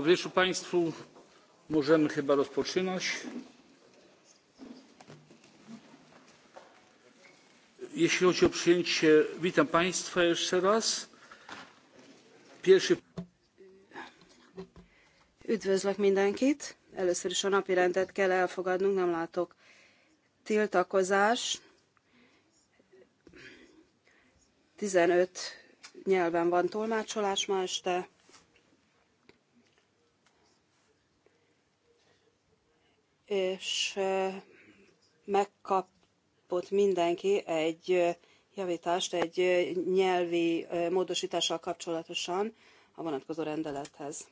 Dobry Państwu, możemy chyba rozpoczynać. Jeśli chodzi o przyjęcie, witam Państwa jeszcze raz. Pierwszy... Üdvözlök mindenkit! Először is a napi rendet kell elfogadnunk, nem látok tiltakozás. 15 nyelven van tolmácsolás ma este. és megkapott mindenki egy javítást, egy nyelvi módosítással kapcsolatosan a vonatkozó rendelethez.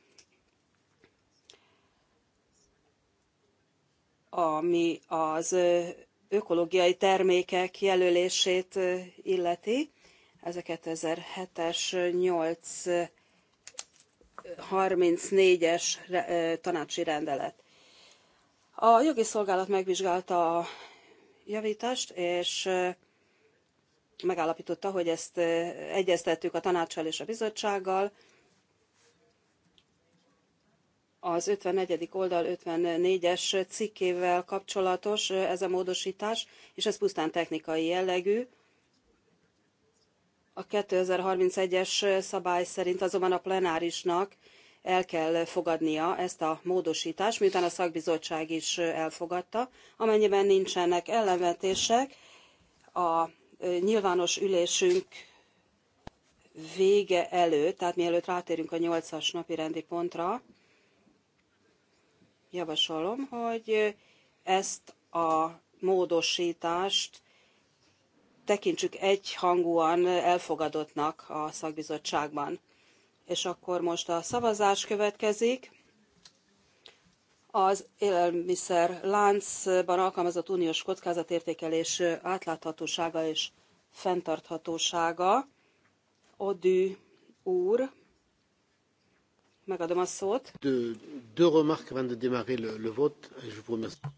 Ami az ökológiai termékek jelölését illeti, ez a 2007-es 8 34-es tanácsi rendelet. A jogi szolgálat megvizsgálta a javítást, és megállapította, hogy ezt egyeztettük a tanácssal és a bizottsággal. Az 54. oldal 54-es cikkével kapcsolatos ez a módosítás, és ez pusztán technikai jellegű. A 2031-es szabály szerint azonban a plenárisnak el kell fogadnia ezt a módosítást, miután a szakbizottság is elfogadta. Amennyiben nincsenek ellenvetések, a nyilvános ülésünk vége előtt, tehát mielőtt rátérünk a 8-as napi rendi pontra, javasolom, hogy ezt a módosítást tekintsük egyhangúan elfogadottnak a szakbizottságban. És akkor most a szavazás következik. Az élelmiszer láncban alkalmazott uniós kockázatértékelés átláthatósága és fenntarthatósága. Odű úr, megadom a szót.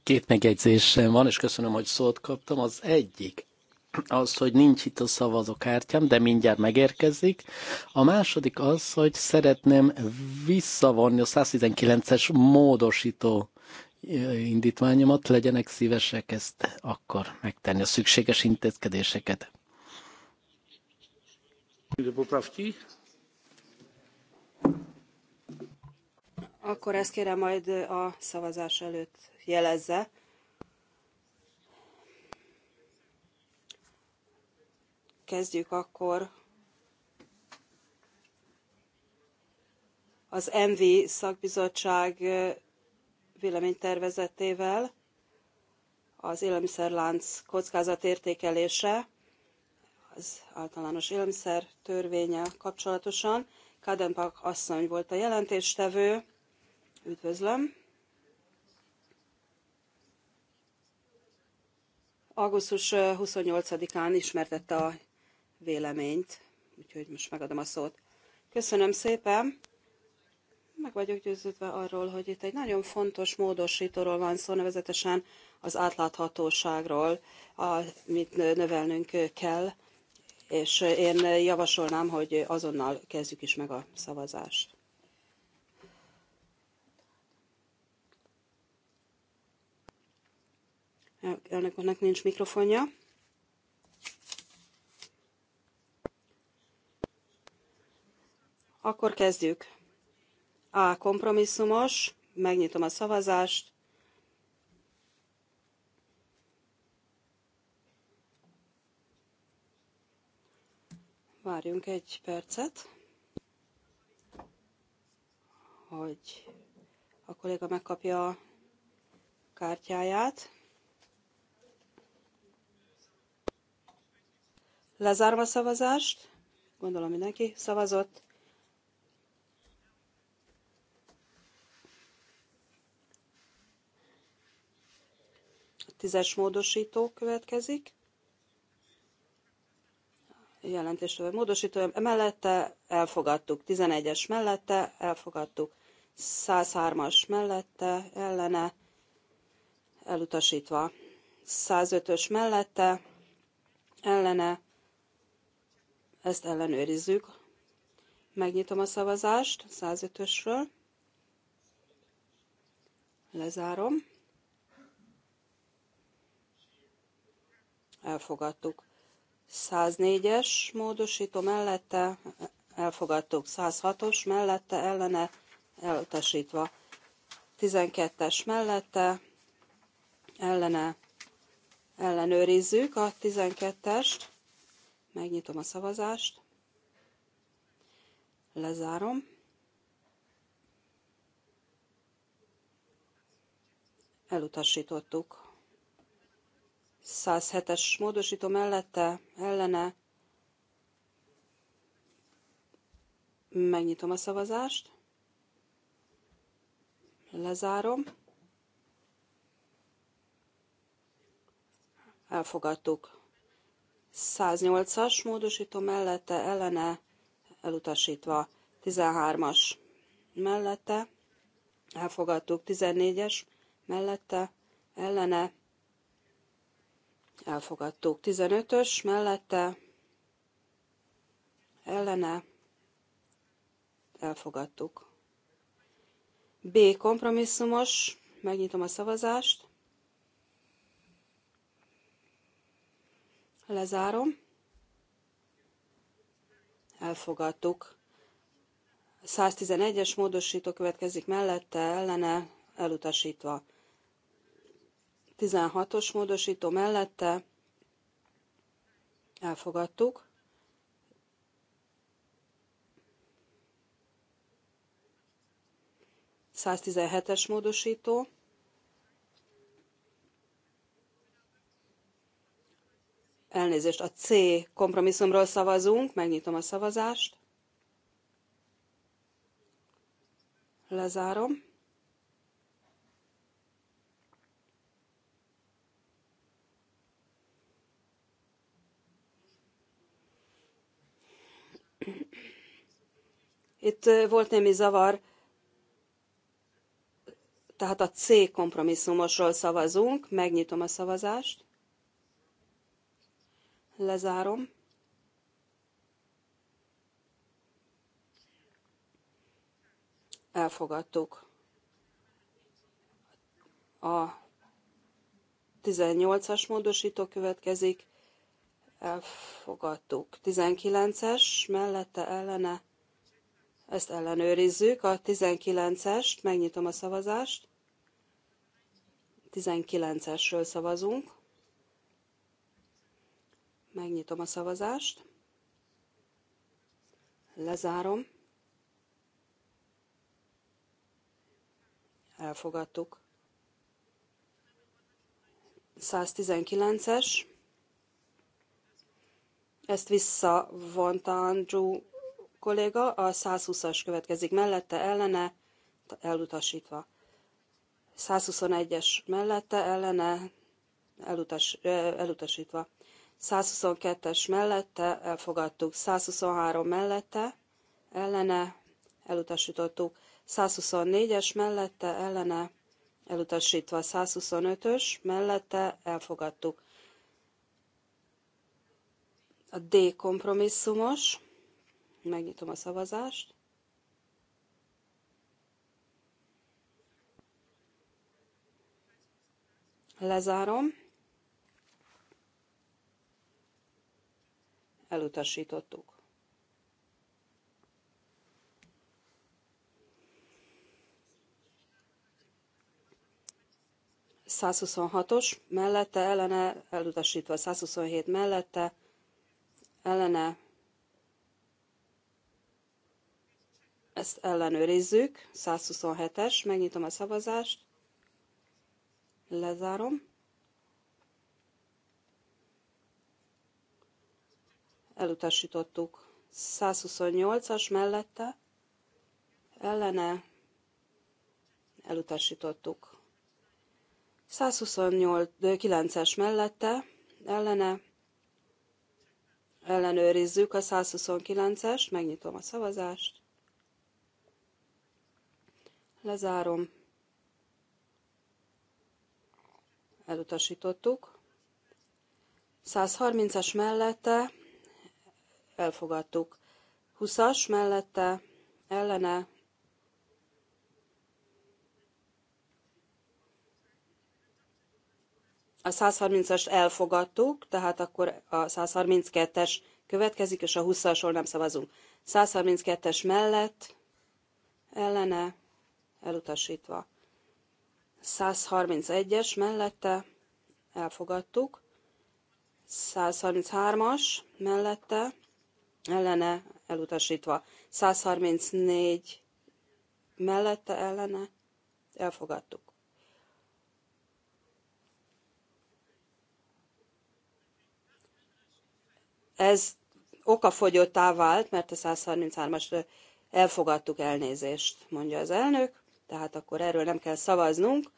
Két megjegyzésem van, és köszönöm, hogy szót kaptam. Az egyik az, hogy nincs itt a szavazókártyám, de mindjárt megérkezik. A második az, hogy szeretném visszavonni a 119-es módosító indítványomat, legyenek szívesek ezt akkor megtenni, a szükséges intézkedéseket. Akkor ezt kérem majd a szavazás előtt jelezze. kezdjük, akkor az MV szakbizottság véleménytervezetével az élelmiszerlánc kockázatértékelése, az általános élelmiszer törvénye kapcsolatosan. Kadenpak asszony volt a jelentéstevő. Üdvözlöm! Augusztus 28-án ismertette a véleményt, úgyhogy most megadom a szót. Köszönöm szépen! Meg vagyok győződve arról, hogy itt egy nagyon fontos módosítóról van szó, nevezetesen az átláthatóságról, amit növelnünk kell, és én javasolnám, hogy azonnal kezdjük is meg a szavazást. Elnök nincs mikrofonja. Akkor kezdjük. A kompromisszumos, megnyitom a szavazást. Várjunk egy percet, hogy a kolléga megkapja a kártyáját. Lezárva a szavazást. Gondolom mindenki szavazott. Tízes módosító következik. Jelentéstől módosító mellette elfogadtuk. 11-es mellette elfogadtuk. 103-as mellette ellene elutasítva. 105-ös mellette ellene ezt ellenőrizzük. Megnyitom a szavazást 105-ösről. Lezárom. elfogadtuk. 104-es módosító mellette elfogadtuk. 106-os mellette ellene elutasítva. 12-es mellette ellene ellenőrizzük a 12-est. Megnyitom a szavazást. Lezárom. Elutasítottuk. 107-es módosító mellette ellene megnyitom a szavazást, lezárom, elfogadtuk. 108-as módosító mellette ellene elutasítva, 13-as mellette elfogadtuk, 14-es mellette ellene elfogadtuk. 15-ös mellette, ellene, elfogadtuk. B. Kompromisszumos, megnyitom a szavazást. Lezárom. Elfogadtuk. 111-es módosító következik mellette, ellene, elutasítva. 16-os módosító mellette elfogadtuk. Száztizenhetes módosító. Elnézést, a C kompromisszumról szavazunk, megnyitom a szavazást. Lezárom. Itt volt némi zavar, tehát a C kompromisszumosról szavazunk, megnyitom a szavazást, lezárom. Elfogadtuk. A 18-as módosító következik, elfogadtuk. 19-es mellette ellene ezt ellenőrizzük. A 19-est, megnyitom a szavazást. 19-esről szavazunk. Megnyitom a szavazást. Lezárom. Elfogadtuk. 119-es. Ezt visszavonta Andrew kolléga, a 120-as következik mellette, ellene, elutasítva. 121-es mellette, ellene, elutas, elutasítva. 122-es mellette, elfogadtuk. 123 mellette, ellene, elutasítottuk. 124-es mellette, ellene, elutasítva. 125-ös mellette, elfogadtuk. A D kompromisszumos Megnyitom a szavazást. Lezárom. Elutasítottuk. os mellette ellene elutasítva, 127 mellette ellene Ezt ellenőrizzük. 127-es. Megnyitom a szavazást. Lezárom. Elutasítottuk. 128-as mellette. Ellene. Elutasítottuk. 129-es mellette. Ellene. Ellenőrizzük a 129-est. Megnyitom a szavazást. Lezárom. Elutasítottuk. 130-as mellette elfogadtuk. 20-as mellette ellene a 130 as elfogadtuk, tehát akkor a 132-es következik, és a 20-asról nem szavazunk. 132-es mellett, ellene, elutasítva. 131-es mellette elfogadtuk, 133-as mellette ellene elutasítva, 134 mellette ellene elfogadtuk. Ez okafogyottá vált, mert a 133-as elfogadtuk elnézést, mondja az elnök tehát akkor erről nem kell szavaznunk.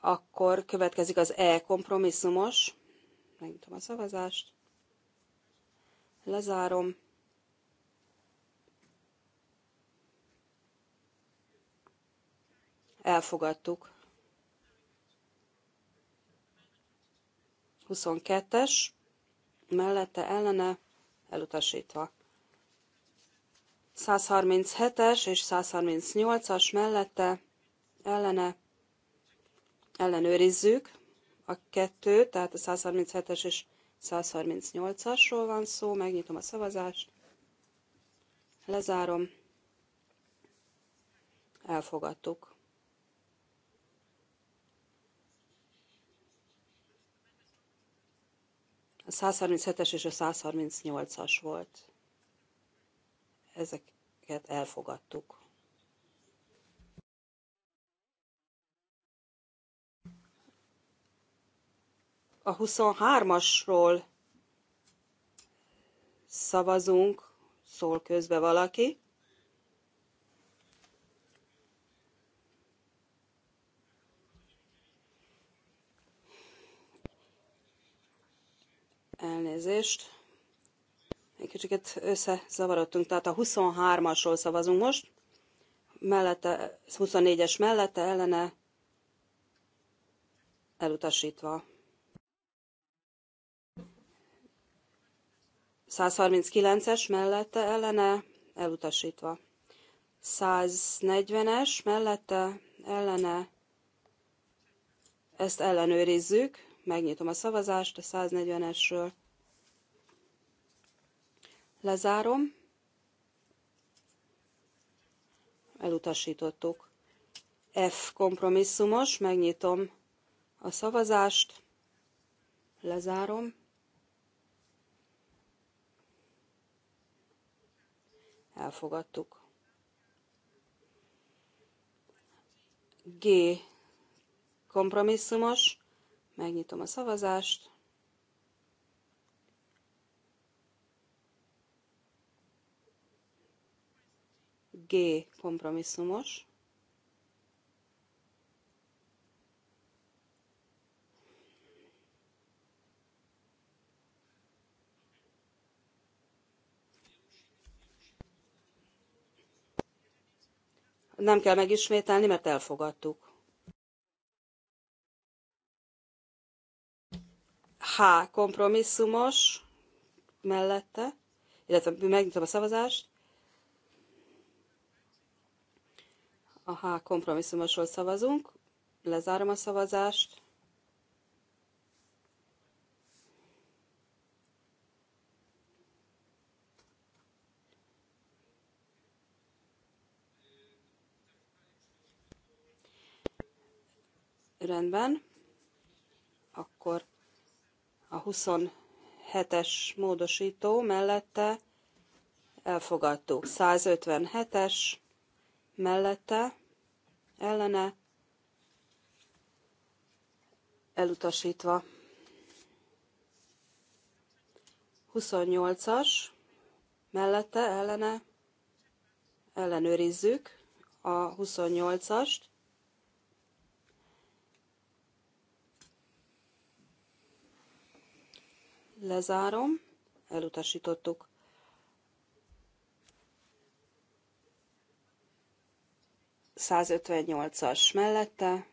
Akkor következik az E kompromisszumos. Megnyitom a szavazást. Lezárom. Elfogadtuk. 22-es, mellette ellene elutasítva. 137-es és 138-as mellette ellene ellenőrizzük a kettőt, tehát a 137-es és 138-asról van szó, megnyitom a szavazást, lezárom, elfogadtuk. A 137-es és a 138-as volt. Ezek ezeket elfogadtuk. A 23-asról szavazunk, szól közbe valaki. Elnézést. Egy kicsit összezavarodtunk, tehát a 23-asról szavazunk most, mellette, 24-es mellette, ellene elutasítva. 139-es mellette, ellene elutasítva. 140-es mellette, ellene ezt ellenőrizzük, megnyitom a szavazást a 140-esről. Lezárom. Elutasítottuk. F kompromisszumos, megnyitom a szavazást, lezárom. Elfogadtuk. G kompromisszumos, megnyitom a szavazást, G kompromisszumos. Nem kell megismételni, mert elfogadtuk. H kompromisszumos mellette, illetve megnyitom a szavazást. A H kompromisszumosról szavazunk. Lezárom a szavazást. Rendben. Akkor a 27-es módosító mellette elfogadtuk. 157-es mellette ellene elutasítva. 28-as mellette ellene ellenőrizzük a 28-ast. Lezárom, elutasítottuk. 158-as mellette,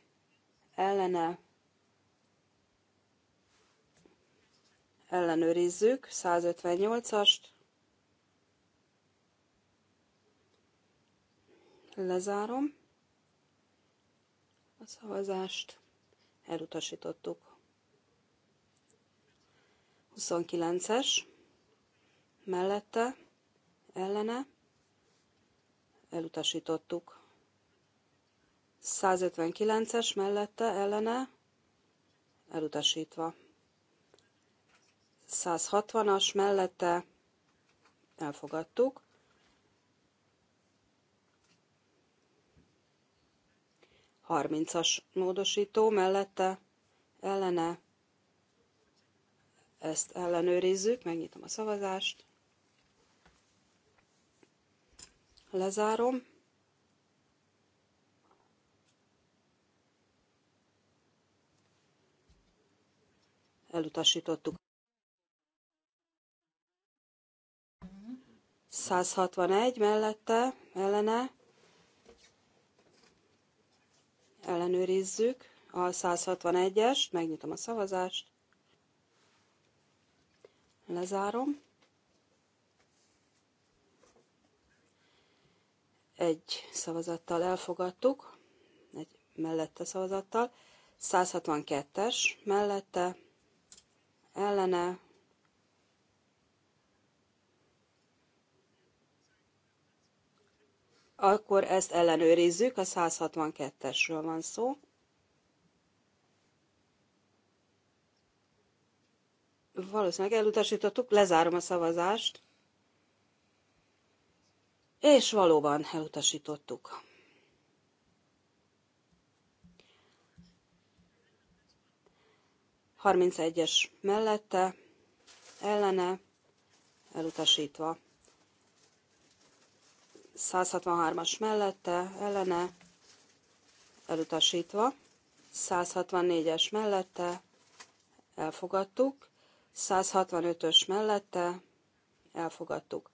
ellene, ellenőrizzük 158-ast, lezárom a szavazást, elutasítottuk. 29-es, mellette, ellene, elutasítottuk. 159-es mellette ellene elutasítva. 160-as mellette elfogadtuk. 30-as módosító mellette ellene ezt ellenőrizzük, megnyitom a szavazást, lezárom, Elutasítottuk. 161 mellette, ellene. Ellenőrizzük a 161-est, megnyitom a szavazást. Lezárom. Egy szavazattal elfogadtuk, egy mellette szavazattal. 162-es mellette, ellene akkor ezt ellenőrizzük, a 162-esről van szó. Valószínűleg elutasítottuk, lezárom a szavazást. És valóban elutasítottuk. 31-es mellette, ellene, elutasítva. 163-as mellette, ellene, elutasítva. 164-es mellette, elfogadtuk. 165-ös mellette, elfogadtuk.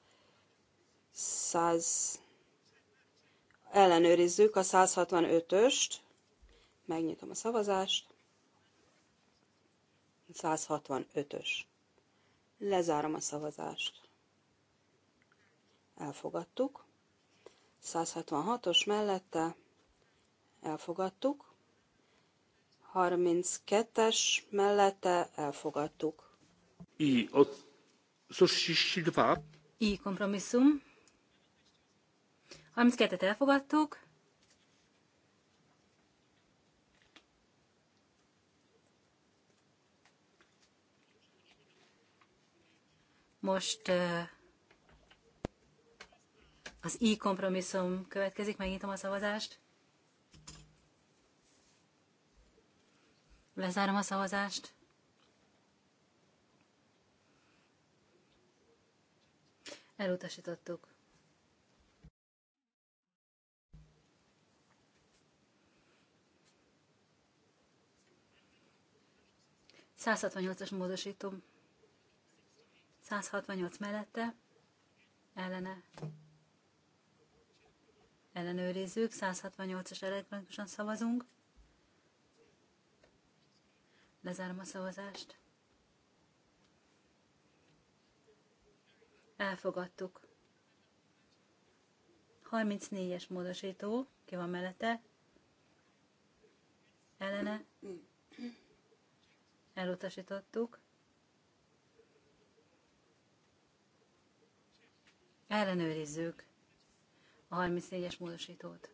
100 ellenőrizzük a 165-öst, megnyitom a szavazást, 165-ös. Lezárom a szavazást. Elfogadtuk. 166-os mellette elfogadtuk. 32-es mellette elfogadtuk. I, a 162. I kompromisszum. 32-et elfogadtuk. Most az i kompromisszum következik, megnyitom a szavazást. Lezárom a szavazást. Elutasítottuk. Százhatvannyolcas módosítom. 168 mellette, ellene ellenőrizzük, 168-as elektronikusan szavazunk. Lezárom a szavazást. Elfogadtuk. 34-es módosító, ki van mellette, ellene, elutasítottuk. Ellenőrizzük a 34-es módosítót.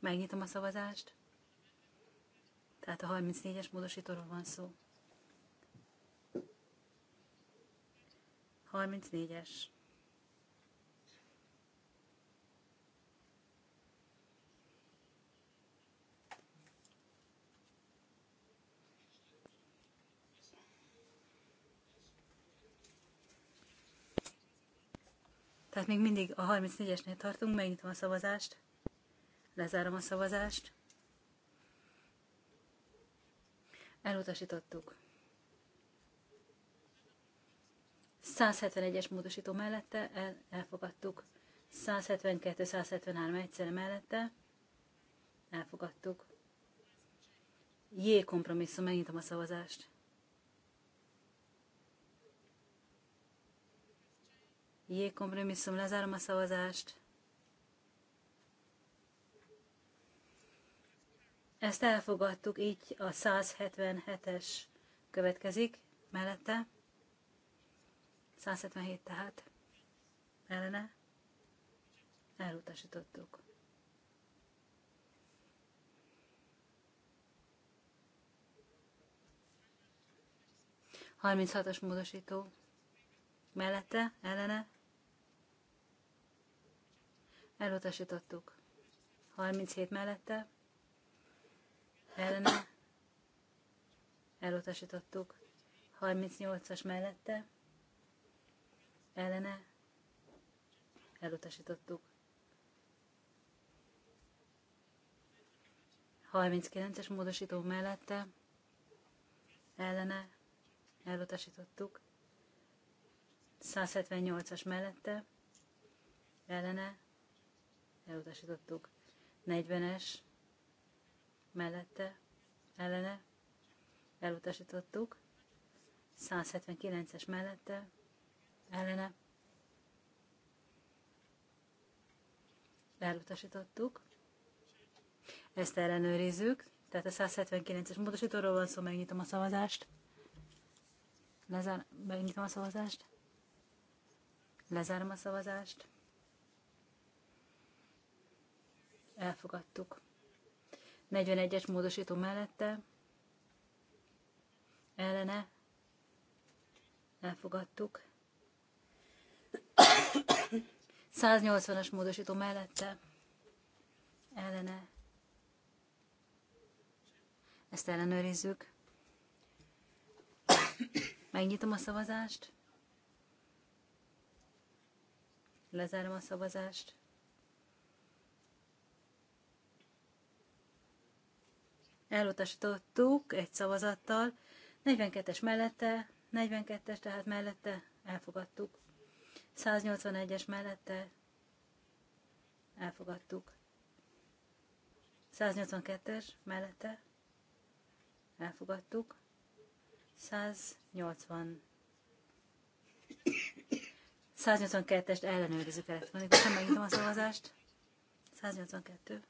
Megnyitom a szavazást. Tehát a 34-es módosítóról van szó. 34-es. Tehát még mindig a 34-esnél tartunk, megnyitom a szavazást, lezárom a szavazást. Elutasítottuk. 171-es módosító mellette el, elfogadtuk. 172-173 egyszerre mellette elfogadtuk. J kompromisszum, megnyitom a szavazást. J kompromisszum, lezárom a szavazást. Ezt elfogadtuk, így a 177-es következik mellette. 177 tehát ellene elutasítottuk. Harminchatos módosító mellette, ellene elutasítottuk. 37 mellette, ellene, elutasítottuk. 38-as mellette, ellene, elutasítottuk. 39-es módosító mellette, ellene, elutasítottuk. 178-as mellette, ellene, elutasítottuk. 40-es mellette, ellene, elutasítottuk. 179-es mellette, ellene, elutasítottuk. Ezt ellenőrizzük, tehát a 179-es módosítóról van szó, megnyitom a szavazást. Lezár, megnyitom a szavazást. Lezárom a szavazást. elfogadtuk. 41-es módosító mellette, ellene, elfogadtuk. 180-as módosító mellette, ellene, ezt ellenőrizzük. Megnyitom a szavazást. Lezárom a szavazást. elutasítottuk egy szavazattal, 42-es mellette, 42-es tehát mellette elfogadtuk. 181-es mellette elfogadtuk. 182-es mellette elfogadtuk. 180 182-est ellenőrizzük elektronikusan, megnyitom a szavazást. 182.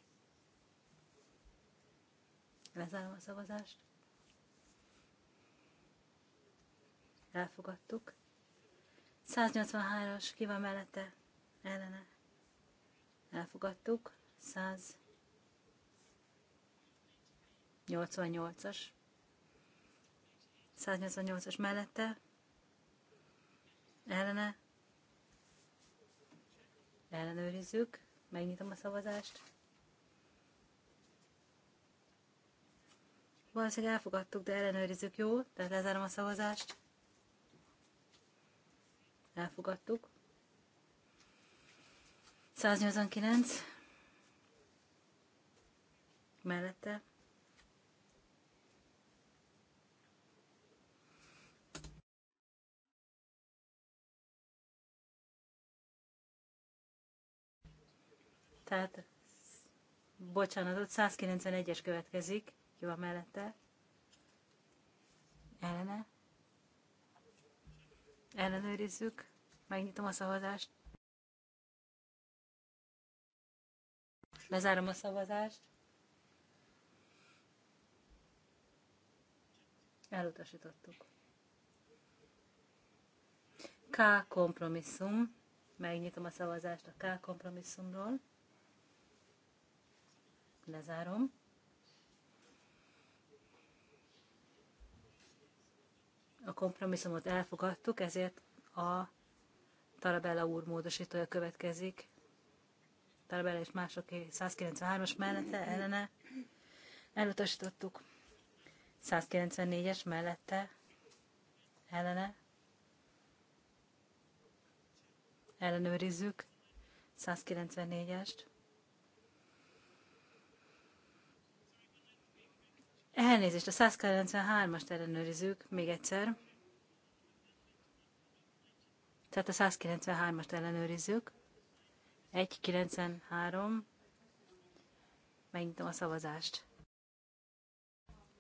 Lezárom a szavazást. Elfogadtuk. 183-as, ki van mellette? Ellene. Elfogadtuk. 188-as. 188-as mellette. Ellene. Ellenőrizzük. Megnyitom a szavazást. Valószínűleg elfogadtuk, de ellenőrizzük, jó? Tehát lezárom a szavazást. Elfogadtuk. 189. Mellette. Tehát, bocsánatot, 191-es következik ki van mellette, ellene, ellenőrizzük, megnyitom a szavazást, lezárom a szavazást, elutasítottuk. K kompromisszum, megnyitom a szavazást a K kompromisszumról, lezárom. a kompromisszumot elfogadtuk, ezért a Tarabella úr módosítója következik. Tarabella és másoké 193-as mellette ellene elutasítottuk. 194-es mellette ellene ellenőrizzük 194-est. Elnézést, a 193-ast ellenőrizzük még egyszer. Tehát a 193-ast ellenőrizzük. 193. Megnyitom a szavazást.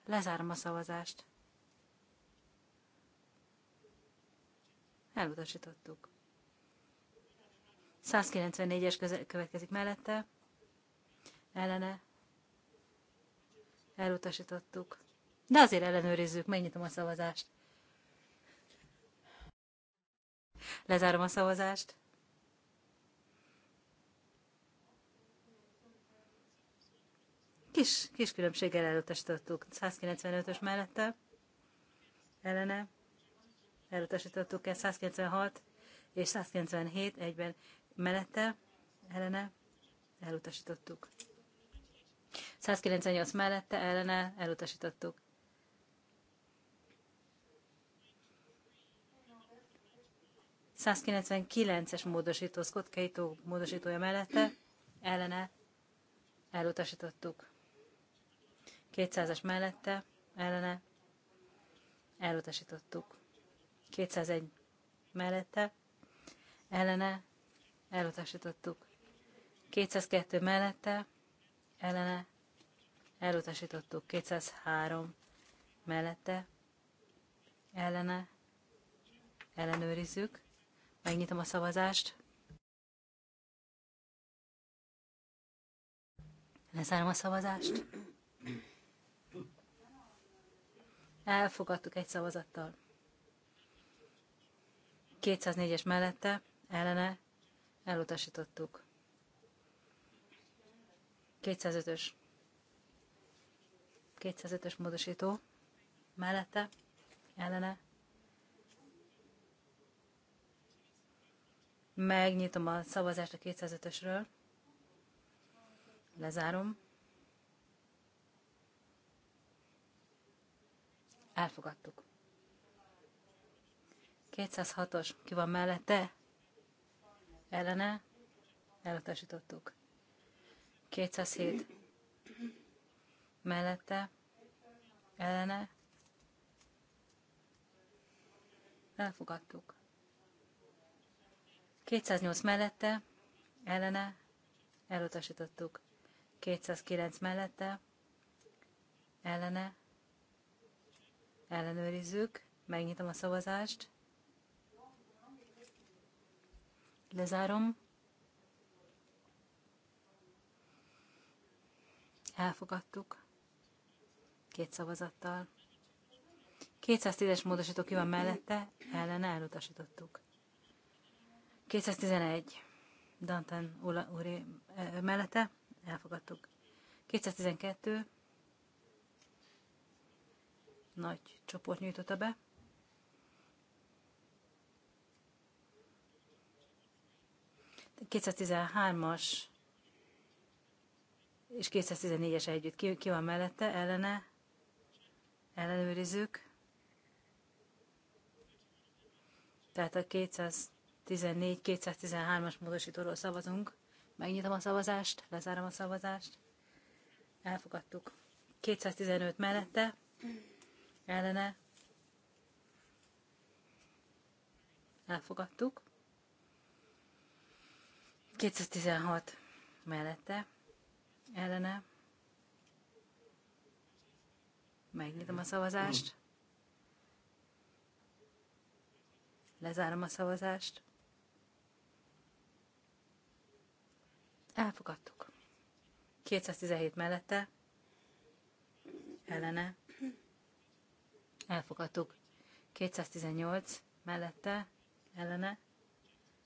Lezárom a szavazást. Elutasítottuk. 194-es következik mellette. Ellene Elutasítottuk. De azért ellenőrizzük, megnyitom a szavazást. Lezárom a szavazást. Kis, kis különbséggel elutasítottuk. 195-ös mellette, ellene, elutasítottuk el 196 és 197 egyben mellette, ellene, elutasítottuk. 198 mellette ellene elutasítottuk. es módosító, Scott Cato módosítója mellette ellene elutasítottuk. 200-as mellette ellene elutasítottuk. 201 mellette ellene elutasítottuk. 202 mellette ellene elutasítottuk 203 mellette, ellene, ellenőrizzük, megnyitom a szavazást, lezárom a szavazást, elfogadtuk egy szavazattal. 204-es mellette, ellene, elutasítottuk. 205-ös 205-ös módosító mellette, ellene. Megnyitom a szavazást a 205-ösről. Lezárom. Elfogadtuk. 206-os, ki van mellette? Ellene? Elutasítottuk. 207 mellette, ellene, elfogadtuk. 208 mellette, ellene, elutasítottuk. 209 mellette, ellene, ellenőrizzük, megnyitom a szavazást, lezárom, elfogadtuk két szavazattal. 210-es módosító ki van mellette, ellene elutasítottuk. 211 Danten úr eh, mellette, elfogadtuk. 212 nagy csoport nyújtotta be. 213-as és 214-es együtt. Ki, ki van mellette, ellene, ellenőrizzük. Tehát a 214-213-as módosítóról szavazunk. Megnyitom a szavazást, lezárom a szavazást. Elfogadtuk. 215 mellette, ellene. Elfogadtuk. 216 mellette, ellene Megnyitom a szavazást. Lezárom a szavazást. Elfogadtuk. 217 mellette, ellene, elfogadtuk. 218 mellette, ellene,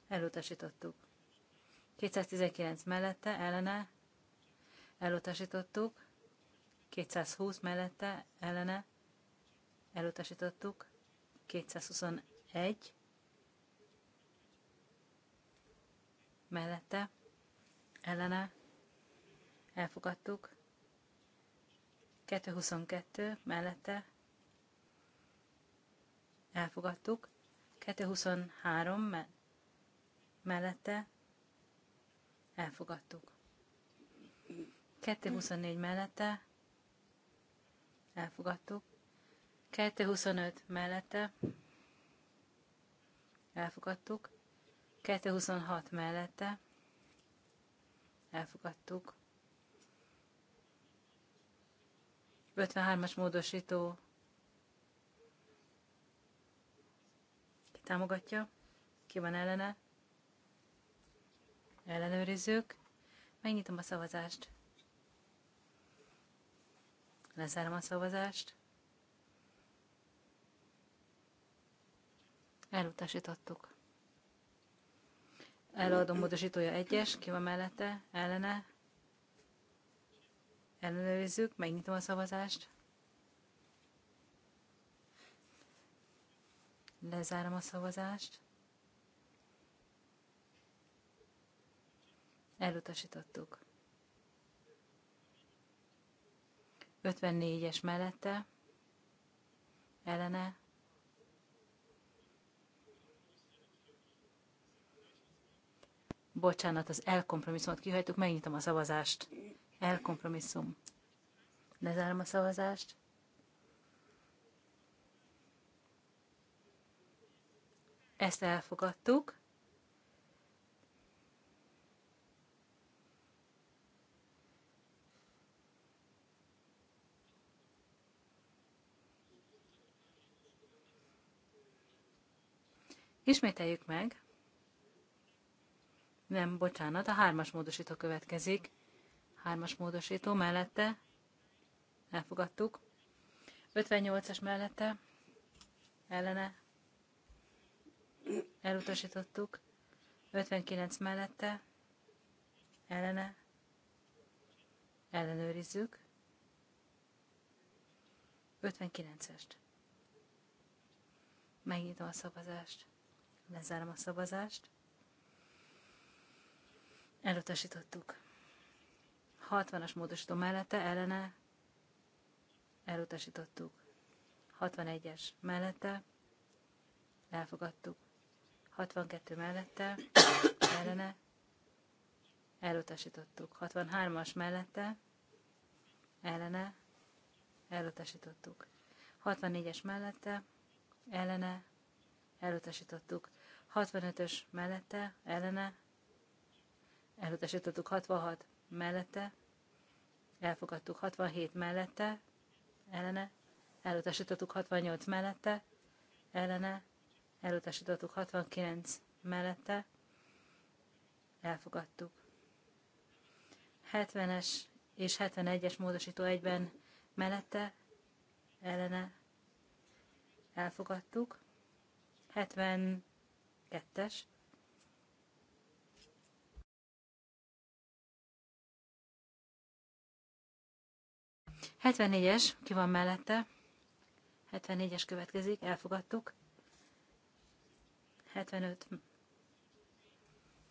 elutasítottuk. 219 mellette, ellene, elutasítottuk. 220 mellette ellene elutasítottuk, 221 mellette ellene elfogadtuk, 222 mellette elfogadtuk, 223 me mellette elfogadtuk. 224 mellette elfogadtuk. 225 mellette, elfogadtuk. 226 mellette, elfogadtuk. 53-as módosító ki támogatja, ki van ellene, ellenőrizzük, megnyitom a szavazást. Lezárom a szavazást. Elutasítottuk. Eladó módosítója egyes, ki van mellette, ellene. Ellenőrizzük, megnyitom a szavazást. Lezárom a szavazást. Elutasítottuk. 54-es mellette, ellene, bocsánat, az elkompromisszumot kihajtuk, megnyitom a szavazást. Elkompromisszum. Lezárom a szavazást. Ezt elfogadtuk. Ismételjük meg. Nem, bocsánat, a hármas módosító következik. Hármas módosító mellette. Elfogadtuk. 58-as mellette. Ellene. Elutasítottuk. 59 mellette. Ellene. Ellenőrizzük. 59-est. Megnyitom a szavazást. Lezárom a szavazást. Elutasítottuk. 60-as módosító mellette ellene elutasítottuk. 61-es mellette elfogadtuk. 62 mellette ellene elutasítottuk. 63-as mellette ellene elutasítottuk. 64-es mellette ellene elutasítottuk. 65-ös mellette, ellene, elutasítottuk 66 mellette, elfogadtuk 67 mellette, ellene, elutasítottuk 68 mellette, ellene, elutasítottuk 69 mellette, elfogadtuk. 70-es és 71-es módosító egyben mellette, ellene, elfogadtuk. 70 Kettes. Hetvennégyes, ki van mellette? 74-es következik, elfogadtuk. 75,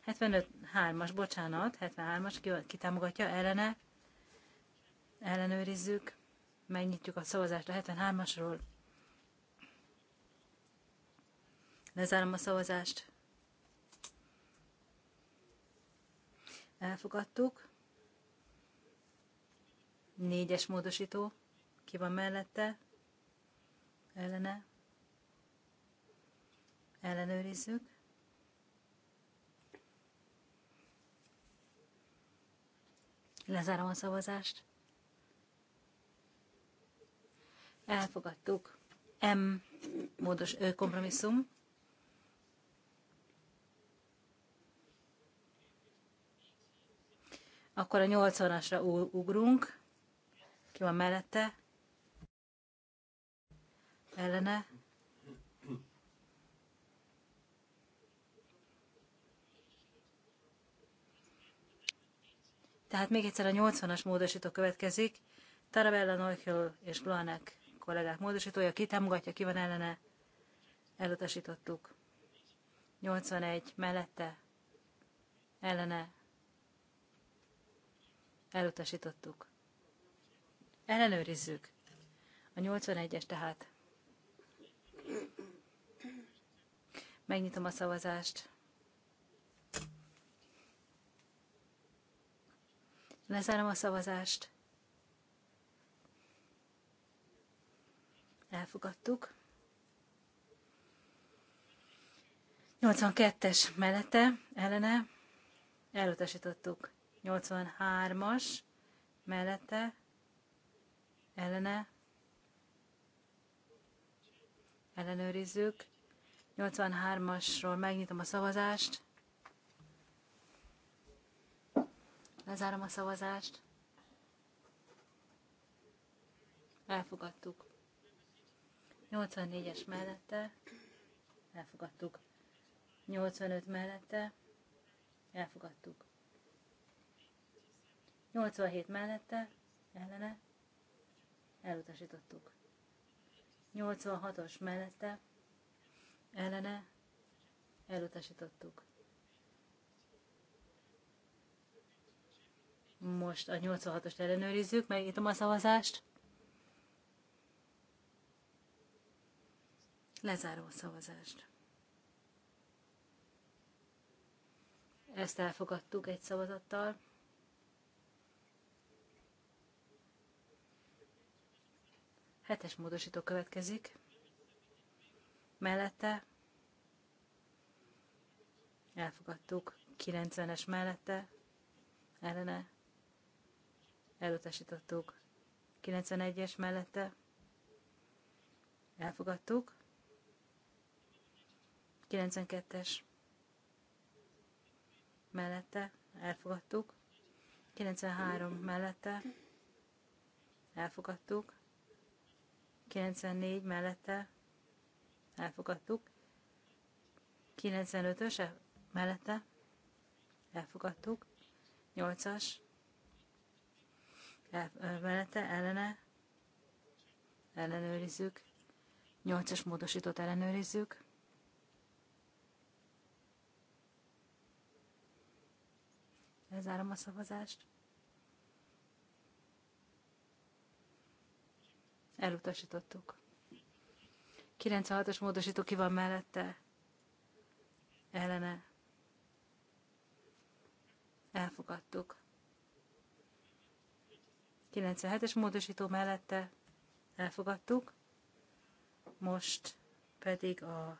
75, 3-as, bocsánat, 73-as, ki, ki támogatja, ellene, ellenőrizzük, megnyitjuk a szavazást a 73-asról, Lezárom a szavazást. Elfogadtuk. Négyes módosító. Ki van mellette? Ellene. Ellenőrizzük. Lezárom a szavazást. Elfogadtuk. M módos ö, kompromisszum Akkor a 80-asra ugrunk. Ki van mellette? Ellene? Tehát még egyszer a 80-as módosító következik. Tarabella, Neuchel és Blanek kollégák módosítója. Ki támogatja, ki van ellene? Elutasítottuk. 81 mellette? Ellene? Elutasítottuk. Ellenőrizzük. A 81-es tehát. Megnyitom a szavazást. Lezárom a szavazást. Elfogadtuk. 82-es mellette, ellene, elutasítottuk. 83-as mellette ellene ellenőrizzük. 83-asról megnyitom a szavazást. Lezárom a szavazást. Elfogadtuk. 84-es mellette elfogadtuk. 85 mellette elfogadtuk. 87 mellette, ellene, elutasítottuk. 86-os mellette, ellene, elutasítottuk. Most a 86-ost ellenőrizzük, megnyitom a szavazást. Lezárom a szavazást. Ezt elfogadtuk egy szavazattal. Hetes módosító következik. Mellette elfogadtuk. 90-es mellette ellene elutasítottuk. 91-es mellette elfogadtuk. 92-es mellette elfogadtuk. 93 mellette elfogadtuk. 94 mellette elfogadtuk. 95-ös mellette elfogadtuk. 8-as el, mellette ellene ellenőrizzük. 8-as módosított ellenőrizzük. Lezárom a szavazást. Elutasítottuk. 96-os módosító ki van mellette? Ellene. Elfogadtuk. 97-es módosító mellette elfogadtuk. Most pedig a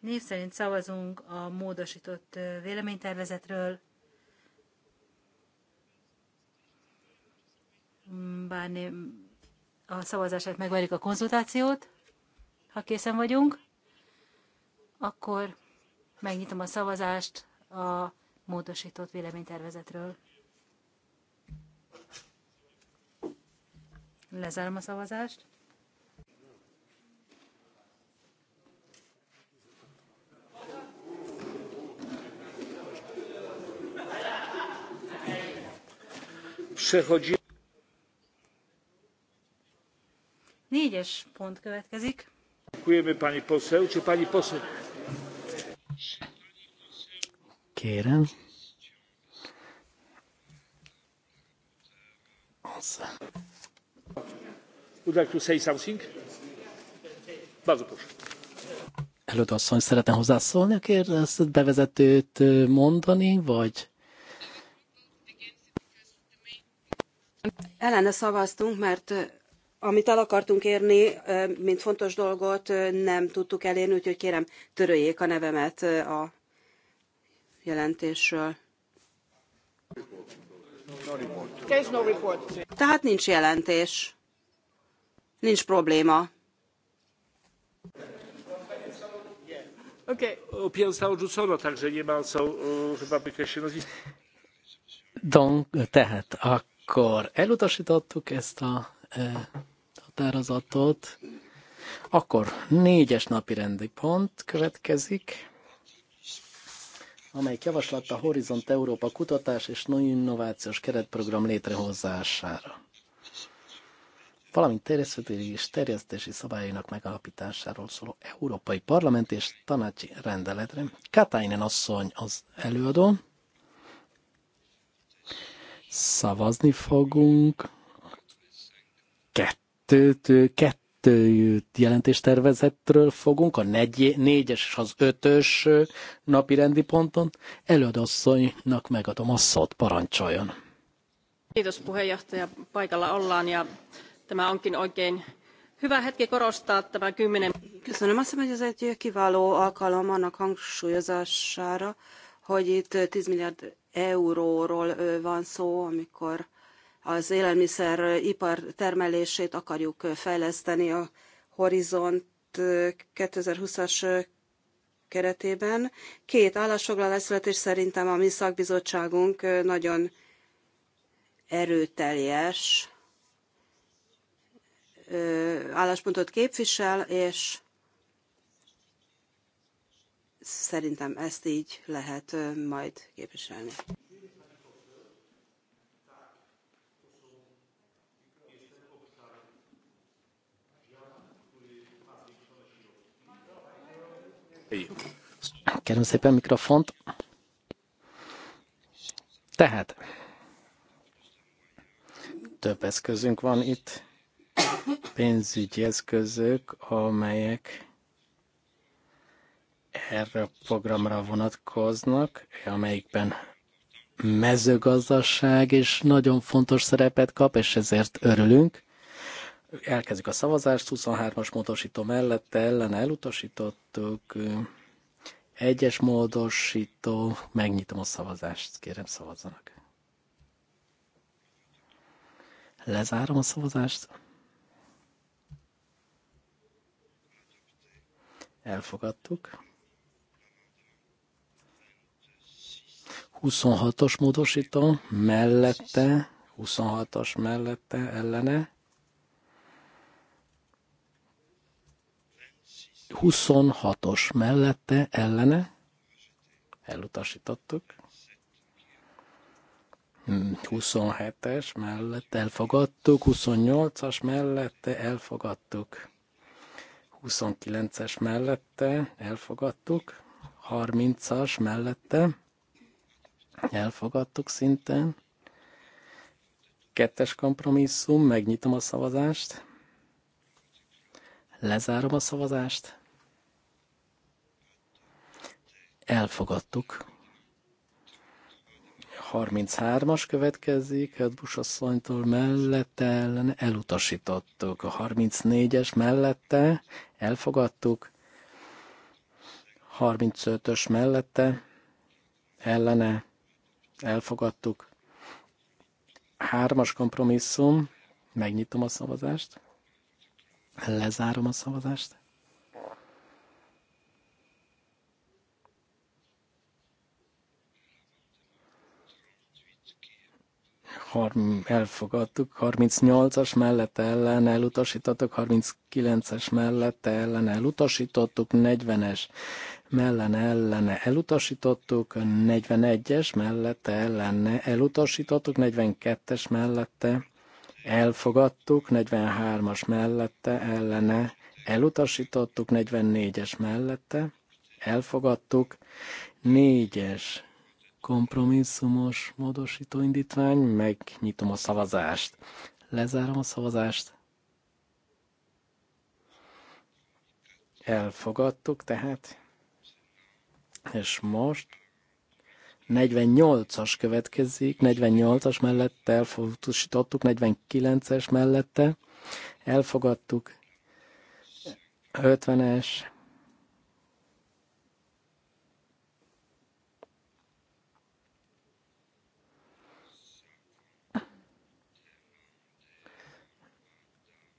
4 szerint szavazunk a módosított véleménytervezetről. bárni a szavazását megvárjuk a konzultációt, ha készen vagyunk, akkor megnyitom a szavazást a módosított véleménytervezetről. Lezárom a szavazást. Przechodzimy. Négyes pont következik. Kérem. Hozzá. Would like to say something? Bardzo proszę. Előtt asszony, szeretne hozzászólni a kérdést, bevezetőt mondani, vagy? Ellene szavaztunk, mert amit el akartunk érni, mint fontos dolgot nem tudtuk elérni, úgyhogy kérem, töröljék a nevemet a jelentésről. Tehát nincs jelentés. Nincs probléma. Donc, e, tehát akkor elutasítottuk ezt a e, határozatot. Akkor négyes napi rendi pont következik amely javaslat a Horizont Európa kutatás és nagy innovációs keretprogram létrehozására, valamint terjesztési és terjesztési szabályainak megalapításáról szóló Európai Parlament és Tanácsi rendeletre. Katainen asszony az előadó. Szavazni fogunk. Kettő kettő jelentéstervezetről fogunk, a negy, négyes és az ötös napi rendi ponton. Előadasszonynak megadom a szót, parancsoljon. Kiitos puheenjohtaja, paikalla ollaan ja tämä onkin oikein hyvä hetki korostaa tämä kymmenen... Köszönöm, azt hogy ez egy kiváló alkalom annak hangsúlyozására, hogy itt 10 milliárd euróról van szó, amikor az élelmiszeripar termelését akarjuk fejleszteni a Horizont 2020-as keretében. Két állásfoglalás születés szerintem a mi szakbizottságunk nagyon erőteljes álláspontot képvisel, és szerintem ezt így lehet majd képviselni. Kérem szépen mikrofont. Tehát, több eszközünk van itt, pénzügyi eszközök, amelyek erre a programra vonatkoznak, amelyikben mezőgazdaság és nagyon fontos szerepet kap, és ezért örülünk. Elkezdjük a szavazást, 23-as módosító mellette ellen elutasítottuk, egyes módosító, megnyitom a szavazást, kérem szavazzanak. Lezárom a szavazást. Elfogadtuk. 26-os módosító mellette, 26-os mellette, ellene 26-os mellette ellene elutasítottuk. 27-es hmm, mellette elfogadtuk, 28-as mellette elfogadtuk, 29-es mellette elfogadtuk, 30-as mellette elfogadtuk szinten. Kettes kompromisszum, megnyitom a szavazást, lezárom a szavazást, Elfogadtuk. 33-as következik, hát busasszonytól mellette ellen elutasítottuk. A 34-es mellette elfogadtuk. 35-ös mellette ellene elfogadtuk. Hármas kompromisszum, megnyitom a szavazást, lezárom a szavazást. elfogadtuk, 38-as mellette ellen elutasítottuk, 39-es mellette ellen elutasítottuk, 40-es mellen ellene elutasítottuk, 41-es mellette ellene elutasítottuk, 42-es mellette elfogadtuk, 43-as mellette ellene elutasítottuk, 44-es mellette elfogadtuk, 4-es kompromisszumos indítvány, megnyitom a szavazást. Lezárom a szavazást. Elfogadtuk tehát, és most 48-as következik, 48-as mellette elfogadtuk, 49-es mellette elfogadtuk, 50-es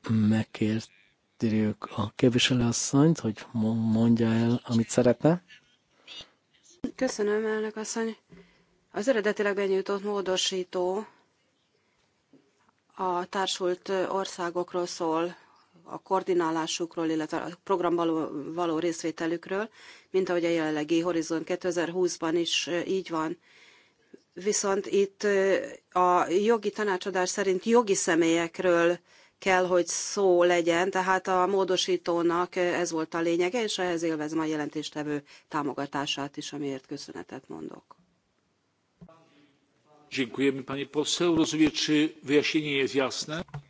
megkértjük a képviselőasszonyt, hogy mondja el, amit szeretne. Köszönöm, elnök asszony. Az eredetileg benyújtott módosító a társult országokról szól, a koordinálásukról, illetve a programban való, való részvételükről, mint ahogy a jelenlegi Horizon 2020-ban is így van. Viszont itt a jogi tanácsadás szerint jogi személyekről kell, hogy szó legyen, tehát a módosítónak ez volt a lényege, és ehhez élvezem a jelentéstevő támogatását is, amiért köszönetet mondok.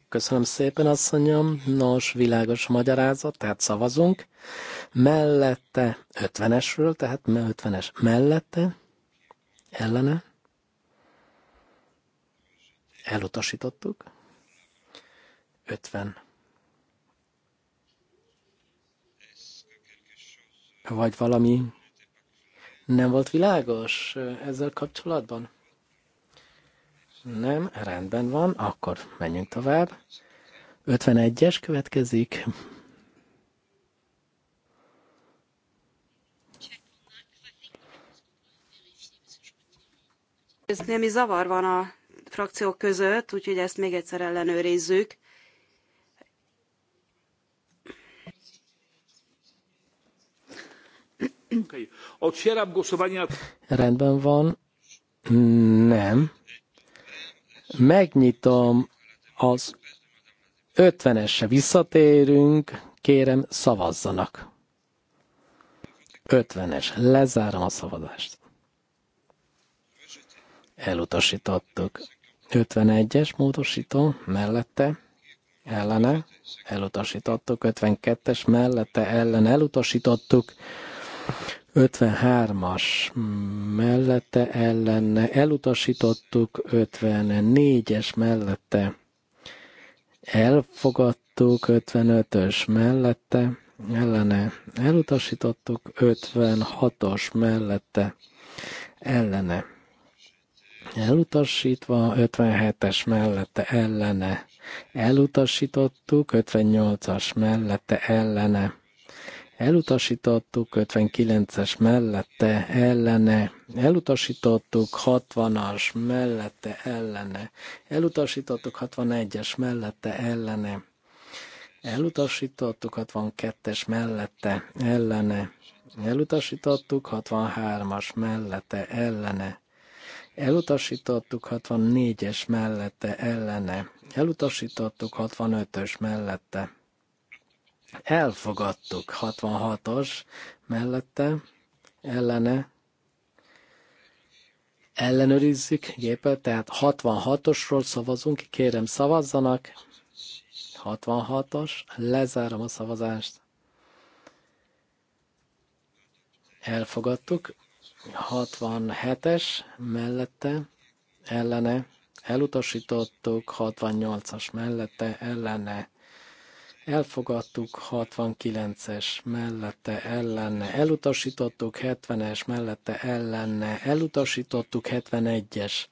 Köszönöm szépen, asszonyom. Nos, világos magyarázat, tehát szavazunk. Mellette 50-esről, tehát 50-es mellette, ellene. Elutasítottuk. 50. Vagy valami nem volt világos ezzel kapcsolatban? Nem, rendben van, akkor menjünk tovább. 51-es következik. Ez némi zavar van a frakciók között, úgyhogy ezt még egyszer ellenőrizzük. Rendben van. Nem. Megnyitom az 50-esre visszatérünk, kérem szavazzanak. 50-es, lezárom a szavazást. Elutasítottuk. 51-es módosító, mellette, ellene, elutasítottuk. 52-es, mellette, ellen, elutasítottuk. 53-as mellette ellenne elutasítottuk, 54-es mellette elfogadtuk, 55-ös mellette ellene elutasítottuk, 56-os mellette ellene elutasítva, 57-es mellette ellene elutasítottuk, 58-as mellette ellene elutasítottuk, 59-es mellette ellene, elutasítottuk 60-as mellette ellene, elutasítottuk 61-es mellette ellene, elutasítottuk 62-es mellette ellene, elutasítottuk 63-as mellette ellene, elutasítottuk 64-es mellette ellene, elutasítottuk 65-ös mellette Elfogadtuk 66-os mellette, ellene ellenőrizzük gépet, tehát 66-osról szavazunk, kérem szavazzanak. 66-os, lezárom a szavazást. Elfogadtuk. 67-es mellette, ellene, elutasítottuk, 68-as mellette, ellene, Elfogadtuk 69-es mellette ellenne, elutasítottuk 70-es mellette ellenne, elutasítottuk 71-es.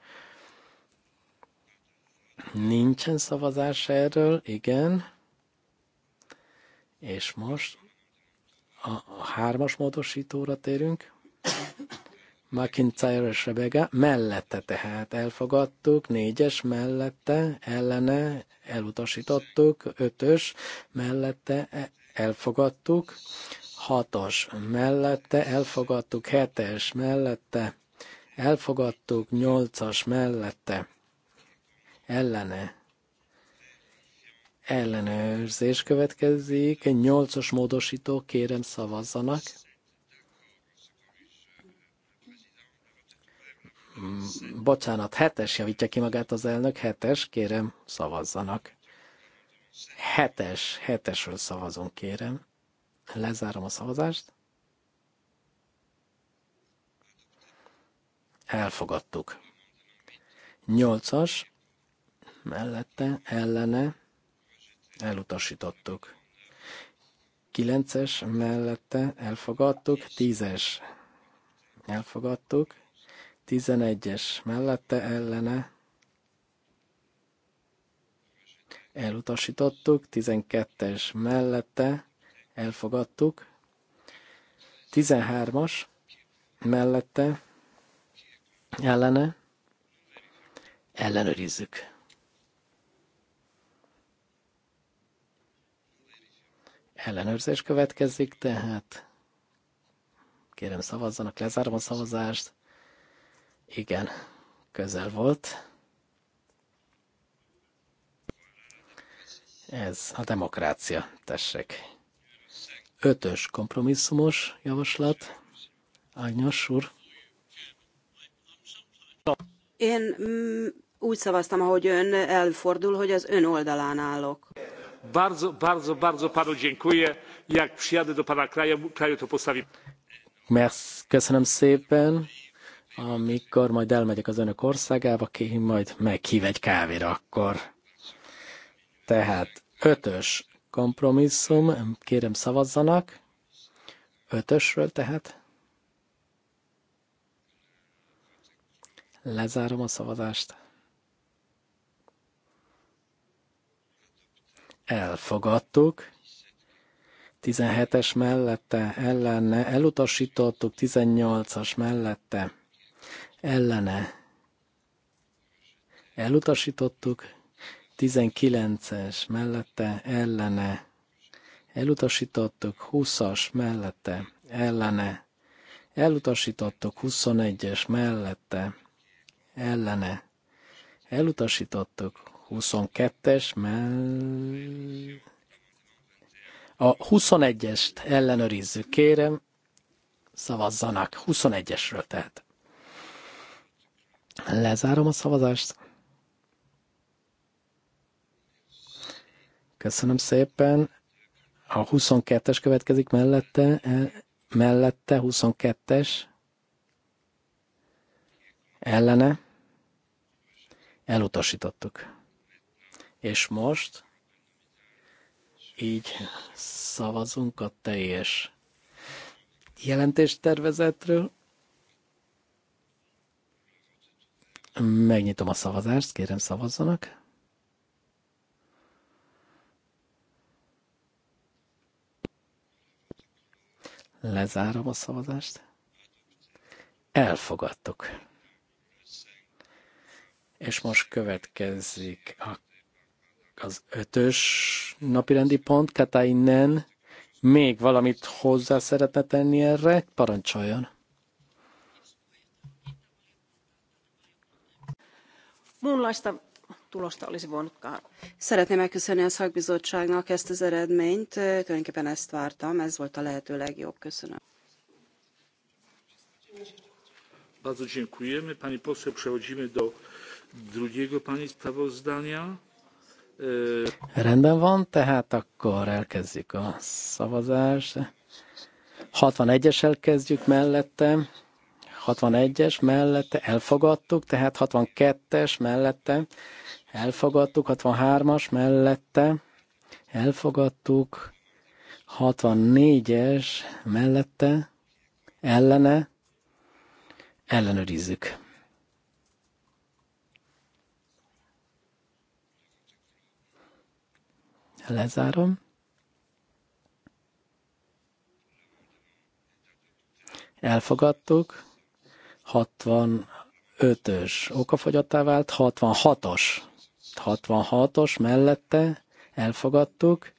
Nincsen szavazás erről, igen. És most a hármas módosítóra térünk. McIntyre és Rebecca mellette tehát elfogadtuk, négyes mellette, ellene elutasítottuk, ötös mellette e- elfogadtuk, hatos mellette elfogadtuk, hetes mellette elfogadtuk, nyolcas mellette ellene ellenőrzés következik, nyolcas módosító, kérem szavazzanak. bocsánat, hetes javítja ki magát az elnök, hetes, kérem, szavazzanak. Hetes, hetesről szavazunk, kérem. Lezárom a szavazást. Elfogadtuk. Nyolcas, mellette, ellene, elutasítottuk. Kilences, mellette, elfogadtuk. Tízes, elfogadtuk. 11-es mellette ellene elutasítottuk, 12-es mellette elfogadtuk, 13-as mellette ellene ellenőrizzük. Ellenőrzés következik, tehát kérem szavazzanak, lezárom a szavazást. Igen, közel volt. Ez a demokrácia, tessék. Ötös kompromisszumos javaslat. Ágnyos úr. Én mm, úgy szavaztam, ahogy ön elfordul, hogy az ön oldalán állok. Bardzo, bardzo, bardzo panu dziękuję. Jak przyjadę do pana kraju, kraju to postawi. Köszönöm szépen amikor majd elmegyek az önök országába, ki majd meghív egy kávéra akkor. Tehát ötös kompromisszum, kérem szavazzanak. Ötösről tehát. Lezárom a szavazást. Elfogadtuk. 17-es mellette, ellenne, elutasítottuk, 18-as mellette ellene elutasítottuk, 19-es mellette ellene elutasítottuk, 20-as mellette ellene elutasítottuk, 21-es mellette ellene elutasítottuk, 22-es mell... A 21-est ellenőrizzük, kérem, szavazzanak 21-esről tehát. Lezárom a szavazást. Köszönöm szépen. A 22-es következik mellette, e, mellette 22-es. Ellene. Elutasítottuk. És most így szavazunk a teljes jelentéstervezetről. Megnyitom a szavazást, kérem szavazzanak. Lezárom a szavazást. Elfogadtuk. És most következik a, az ötös napirendi pont. Katainen még valamit hozzá szeretne tenni erre? Parancsoljon! Muunlaista tulosta olisi voinutkaan. Szeretném megköszönni a szakbizottságnak ezt az eredményt. Tulajdonképpen ezt vártam, ez volt a lehető legjobb. Köszönöm. Bardzo dziękujemy. Pani poseł, przechodzimy do drugiego pani sprawozdania. E, Rendben van, tehát akkor elkezdjük a szavazást. 61-esel kezdjük mellette, 61-es mellette elfogadtuk, tehát 62-es mellette elfogadtuk, 63-as mellette elfogadtuk, 64-es mellette ellene ellenőrizzük. Lezárom. Elfogadtuk. 65-ös okafogyottá vált, 66-os. 66-os mellette elfogadtuk,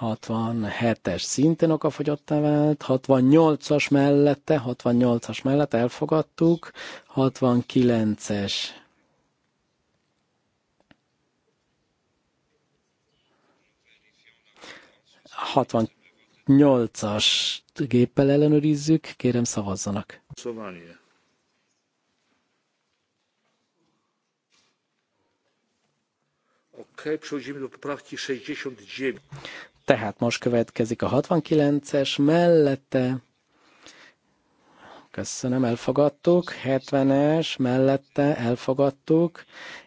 67-es szintén okafogyottá vált, 68-as mellette, 68-as mellett elfogadtuk, 69-es a 8-as géppel ellenőrizzük, kérem szavazzanak. Szlovánia. Okay, przechodzimy do poprawki 69. Tehát most következik a 69-es, mellette köszönöm, elfogadtuk, 70-es, mellette elfogadtuk,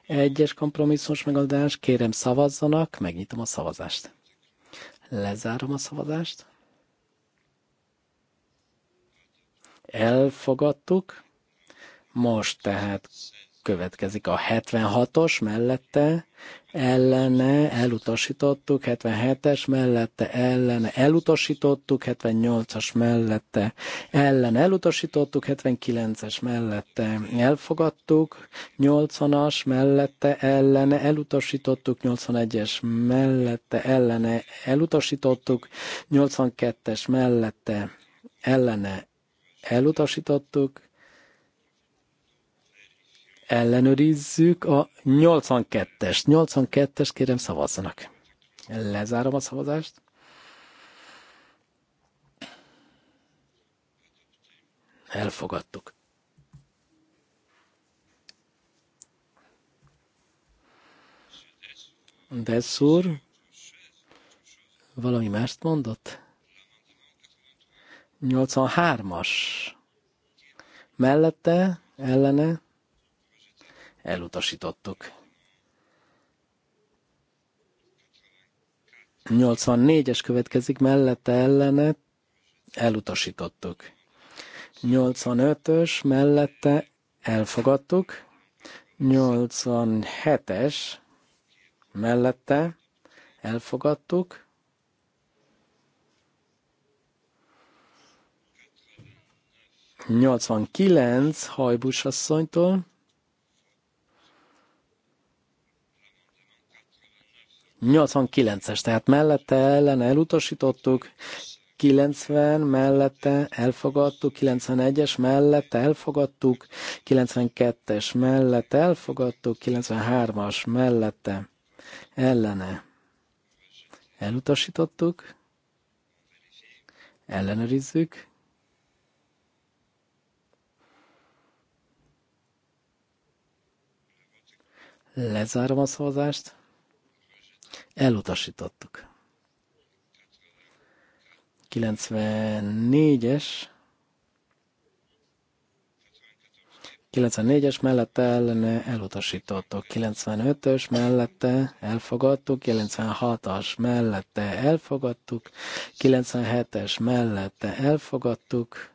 egyes kompromisszumos megoldás, kérem szavazzanak, megnyitom a szavazást. Lezárom a szavazást. elfogadtuk. Most tehát következik a 76-os mellette, ellene elutasítottuk, 77-es mellette ellene elutasítottuk, 78-as mellette ellen elutasítottuk, 79-es mellette elfogadtuk, 80-as mellette ellene elutasítottuk, 81-es mellette ellene elutasítottuk, 82-es mellette ellene elutasítottuk, ellenőrizzük a 82-est. 82-est kérem szavazzanak. Lezárom a szavazást. Elfogadtuk. De szúr, valami mást mondott? 83-as. Mellette, ellene, elutasítottuk. 84-es következik, mellette, ellene, elutasítottuk. 85-ös, mellette, elfogadtuk. 87-es, mellette, elfogadtuk. 89 Hajbus asszonytól. Nyolcvankilences, tehát mellette ellen elutasítottuk, 90 mellette elfogadtuk, 91-es mellette elfogadtuk, 92-es mellette elfogadtuk, 93-as mellette ellene elutasítottuk, ellenőrizzük. Lezárom a szavazást. Elutasítottuk. 94-es. 94-es mellette ellene elutasítottuk, 95-ös mellette elfogadtuk, 96-as mellette elfogadtuk, 97-es mellette elfogadtuk,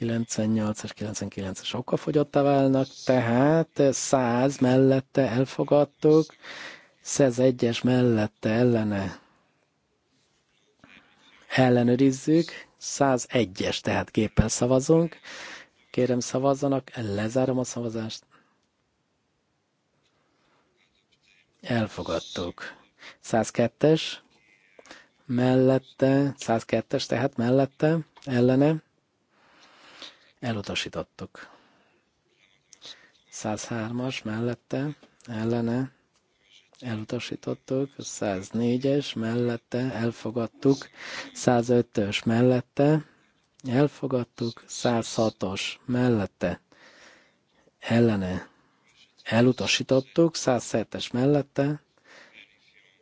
98 és 99-es sokkal fogyottá válnak, tehát 100 mellette elfogadtuk, 101-es mellette ellene ellenőrizzük, 101-es, tehát géppel szavazunk. Kérem szavazzanak, lezárom a szavazást. Elfogadtuk. 102-es, mellette, 102-es tehát mellette, ellene, Elutasítottuk. 103-as mellette, ellene, elutasítottuk, 104-es mellette, elfogadtuk, 105-ös mellette, elfogadtuk, 106-os mellette, ellene, elutasítottuk, 107-es mellette,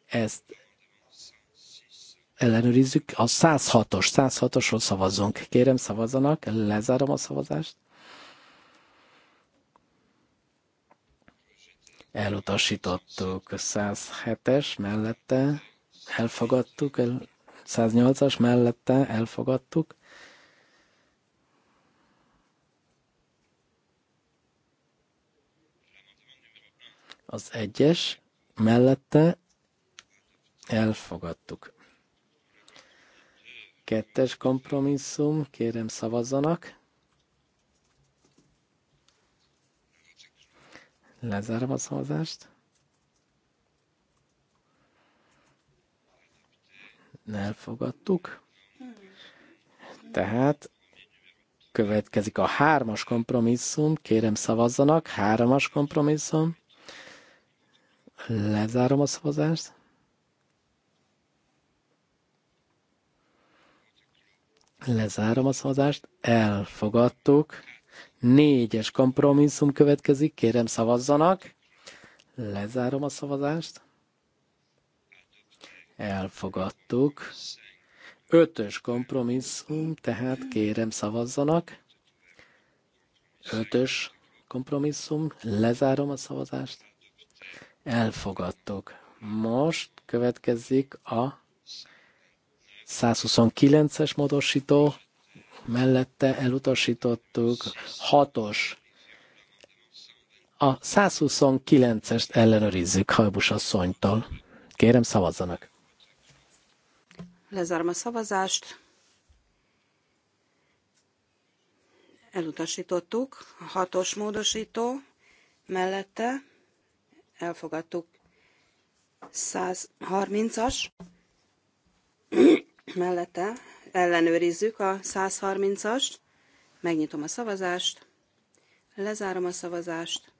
ezt ellenőrizzük. A 106-os, 106-osról szavazzunk. Kérem, szavazzanak, lezárom a szavazást. Elutasítottuk 107-es mellette, elfogadtuk, 108-as mellette elfogadtuk. Az egyes mellette elfogadtuk. Kettes kompromisszum, kérem szavazzanak. Lezárom a szavazást. Elfogadtuk. Tehát következik a hármas kompromisszum, kérem szavazzanak, hármas kompromisszum. Lezárom a szavazást. Lezárom a szavazást. Elfogadtuk. Négyes kompromisszum következik. Kérem szavazzanak. Lezárom a szavazást. Elfogadtuk. Ötös kompromisszum, tehát kérem szavazzanak. Ötös kompromisszum, lezárom a szavazást. Elfogadtuk. Most következik a 129-es módosító, mellette elutasítottuk, 6-os. A 129-est ellenőrizzük Hajbus asszonytól. Kérem, szavazzanak. Lezárom a szavazást. Elutasítottuk. A hatos módosító mellette elfogadtuk 130-as mellette ellenőrizzük a 130-ast, megnyitom a szavazást, lezárom a szavazást,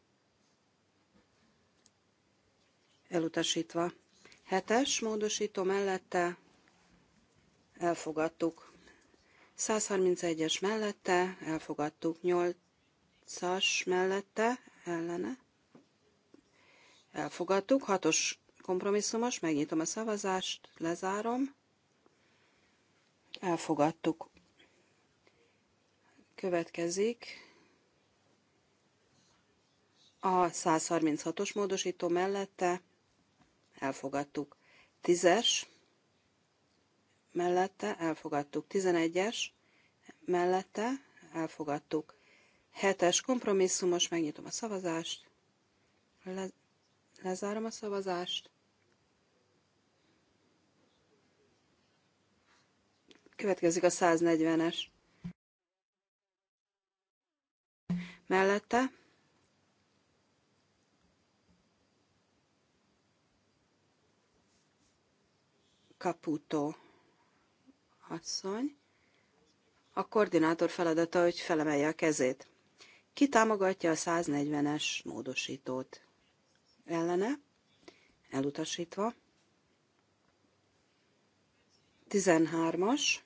elutasítva. Hetes módosító mellette elfogadtuk. 131-es mellette elfogadtuk, 8-as mellette ellene elfogadtuk, 6-os kompromisszumos, megnyitom a szavazást, lezárom, Elfogadtuk. Következik a 136-os módosító mellette. Elfogadtuk. 10-es mellette elfogadtuk. 11-es mellette elfogadtuk. 7-es kompromisszumos, megnyitom a szavazást. Le, lezárom a szavazást. Következik a 140-es. Mellette. Caputo asszony. A koordinátor feladata, hogy felemelje a kezét. Ki támogatja a 140-es módosítót? Ellene? Elutasítva. 13-as.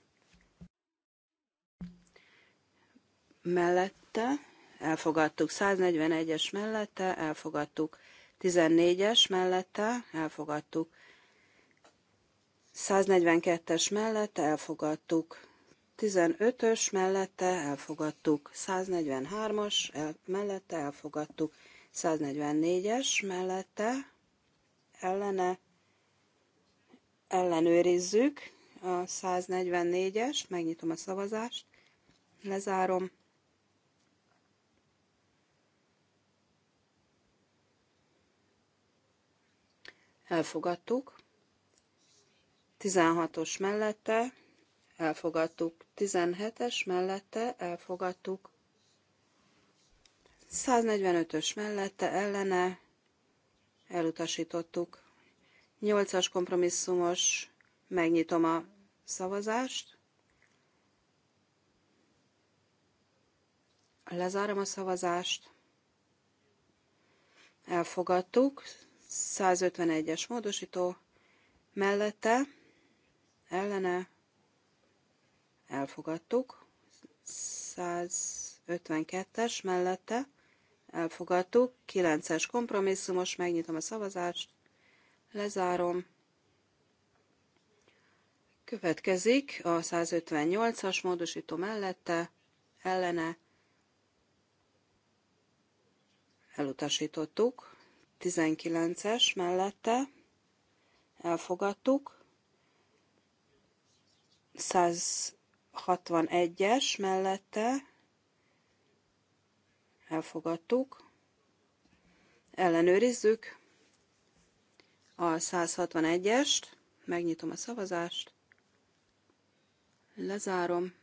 mellette elfogadtuk, 141-es mellette elfogadtuk, 14-es mellette elfogadtuk, 142-es mellette elfogadtuk, 15-ös mellette elfogadtuk, 143-as mellette elfogadtuk, 144-es mellette ellene ellenőrizzük a 144 es megnyitom a szavazást, lezárom, elfogadtuk. 16-os mellette elfogadtuk, 17-es mellette elfogadtuk, 145-ös mellette ellene elutasítottuk. 8-as kompromisszumos, megnyitom a szavazást, lezárom a szavazást, elfogadtuk, 151-es módosító mellette ellene elfogadtuk, 152-es mellette elfogadtuk, 9-es kompromisszumos, megnyitom a szavazást, lezárom. Következik a 158-as módosító mellette, ellene elutasítottuk, 19-es mellette elfogadtuk, 161-es mellette elfogadtuk, ellenőrizzük a 161-est, megnyitom a szavazást, lezárom,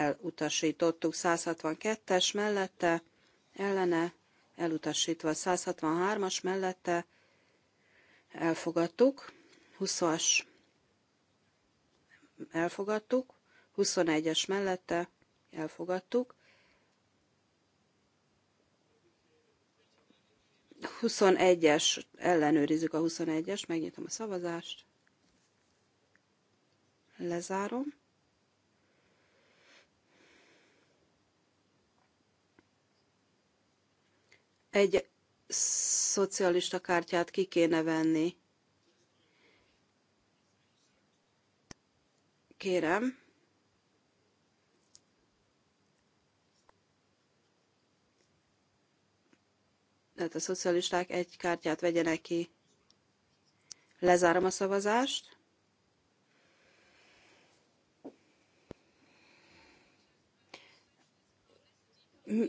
elutasítottuk 162-es mellette, ellene elutasítva 163-as mellette, elfogadtuk, 20-as elfogadtuk, 21-es mellette elfogadtuk, 21-es, ellenőrizzük a 21-es, megnyitom a szavazást, lezárom, egy szocialista kártyát ki kéne venni. Kérem. Tehát a szocialisták egy kártyát vegyenek ki. Lezárom a szavazást.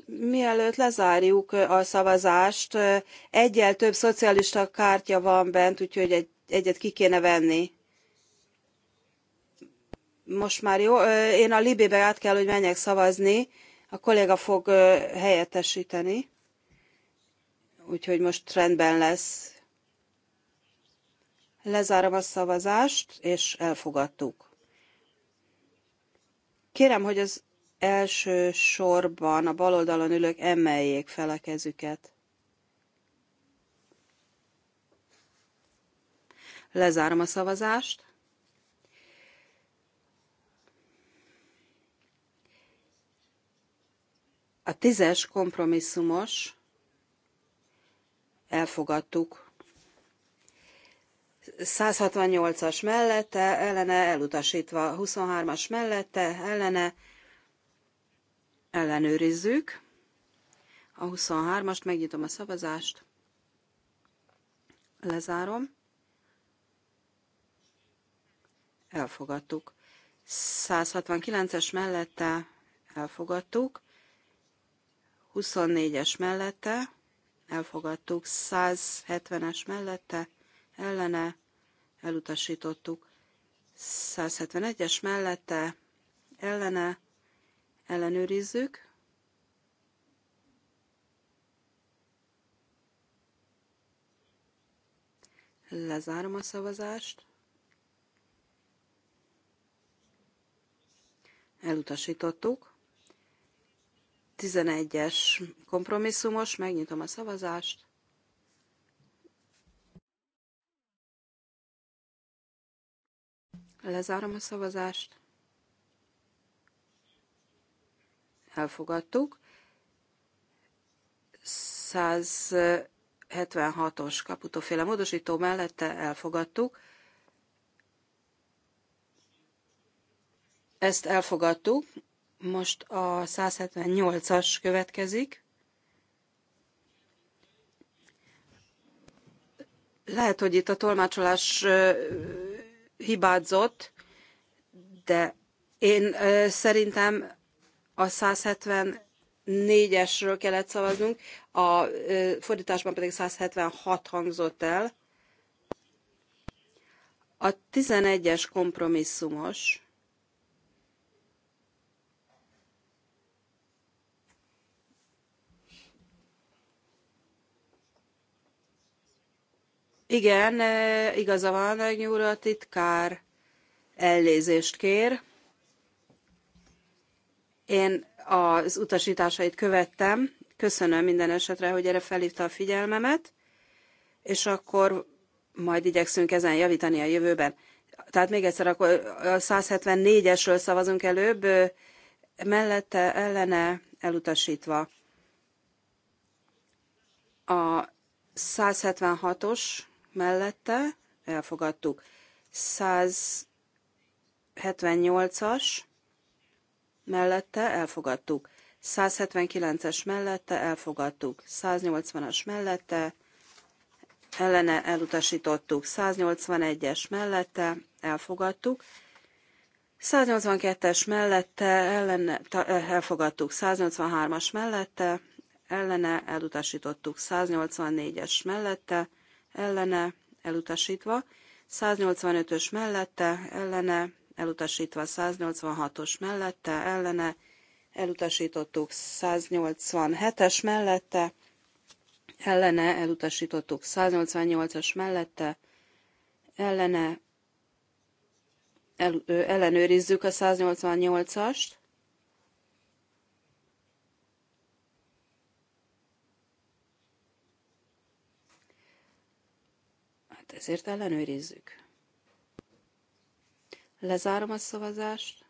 mielőtt lezárjuk a szavazást, egyel több szocialista kártya van bent, úgyhogy egy, egyet ki kéne venni. Most már jó, én a Libébe át kell, hogy menjek szavazni, a kolléga fog helyettesíteni, úgyhogy most rendben lesz. Lezárom a szavazást, és elfogadtuk. Kérem, hogy az első sorban a bal oldalon ülők emeljék fel a kezüket. Lezárom a szavazást. A tízes kompromisszumos elfogadtuk. 168-as mellette, ellene elutasítva, 23-as mellette, ellene ellenőrizzük. A 23-ast megnyitom a szavazást, lezárom, elfogadtuk. 169-es mellette elfogadtuk, 24-es mellette elfogadtuk, 170-es mellette ellene elutasítottuk, 171-es mellette ellene ellenőrizzük. Lezárom a szavazást. Elutasítottuk. 11-es kompromisszumos, megnyitom a szavazást. Lezárom a szavazást. elfogadtuk. 176-os kaputóféle módosító mellette elfogadtuk. Ezt elfogadtuk, most a 178-as következik. Lehet, hogy itt a tolmácsolás hibázott, de én szerintem a 174-esről kellett szavaznunk, a fordításban pedig 176 hangzott el. A 11-es kompromisszumos. Igen, igaza van, Agnyi úr, a titkár elnézést kér. Én az utasításait követtem, köszönöm minden esetre, hogy erre felhívta a figyelmemet, és akkor majd igyekszünk ezen javítani a jövőben. Tehát még egyszer, akkor a 174-esről szavazunk előbb, mellette ellene elutasítva. A 176-os mellette elfogadtuk. 178-as mellette elfogadtuk. 179-es mellette elfogadtuk. 180-as mellette ellene elutasítottuk. 181-es mellette elfogadtuk. 182-es mellette ellene, elfogadtuk, 183-as mellette ellene elutasítottuk, 184-es mellette ellene elutasítva, 185-ös mellette ellene elutasítva 186-os mellette, ellene elutasítottuk 187-es mellette, ellene elutasítottuk 188-as mellette, ellene el, ö, ellenőrizzük a 188-ast, hát ezért ellenőrizzük. Lezárom a szavazást.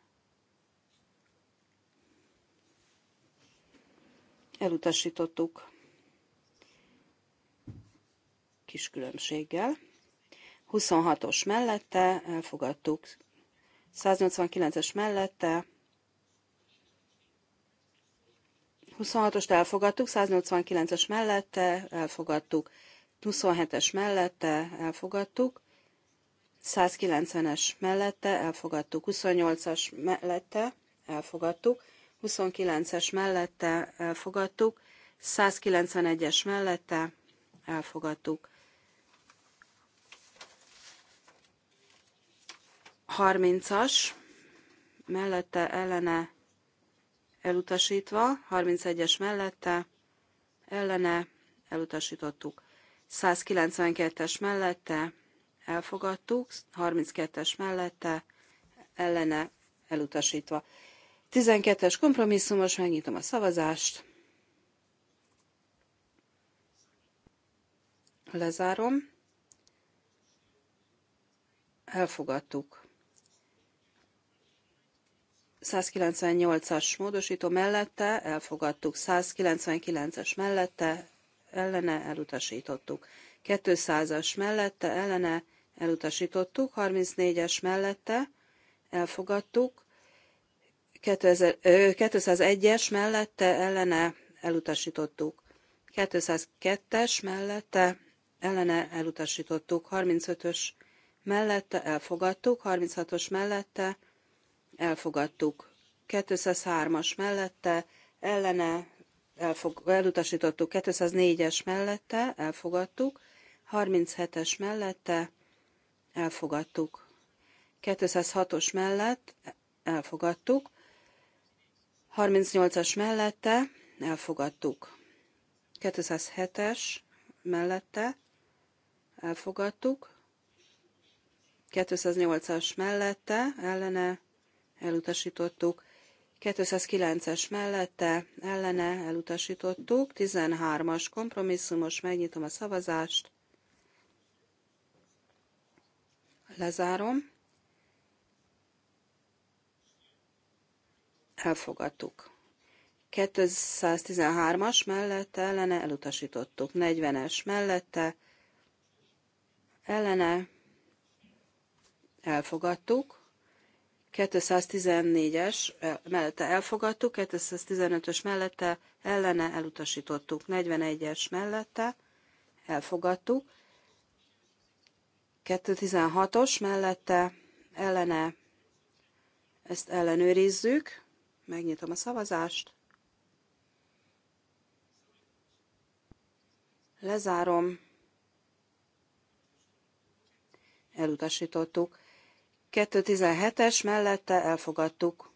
Elutasítottuk kis különbséggel. 26-os mellette elfogadtuk, 189-es mellette 26-ost elfogadtuk, 189-es mellette elfogadtuk, 27-es mellette elfogadtuk, 190-es mellette elfogadtuk, 28-as mellette elfogadtuk, 29-es mellette elfogadtuk, 191-es mellette elfogadtuk. 30-as mellette ellene elutasítva, 31-es mellette ellene elutasítottuk. 192-es mellette elfogadtuk, 32-es mellette ellene elutasítva. 12-es kompromisszumos, megnyitom a szavazást. Lezárom. Elfogadtuk. 198-as módosító mellette elfogadtuk, 199-es mellette ellene elutasítottuk. 200-as mellette ellene elutasítottuk, 34-es mellette elfogadtuk, 201-es mellette ellene elutasítottuk, 202-es mellette ellene elutasítottuk, 35-ös mellette elfogadtuk, 36-os mellette elfogadtuk, 203-as mellette ellene elfog, elutasítottuk, 204-es mellette elfogadtuk, 37-es mellette elfogadtuk. 206-os mellett elfogadtuk. 38-as mellette elfogadtuk. 207-es mellette elfogadtuk. 208-as mellette ellene elutasítottuk. 209-es mellette ellene elutasítottuk. 13-as kompromisszumos megnyitom a szavazást. Lezárom. Elfogadtuk. 213-as mellette ellene elutasítottuk. 40-es mellette ellene elfogadtuk. 214-es mellette elfogadtuk, 215-ös mellette ellene elutasítottuk, 41-es mellette elfogadtuk, 216-os mellette ellene ezt ellenőrizzük. Megnyitom a szavazást. Lezárom. Elutasítottuk. 217-es mellette elfogadtuk.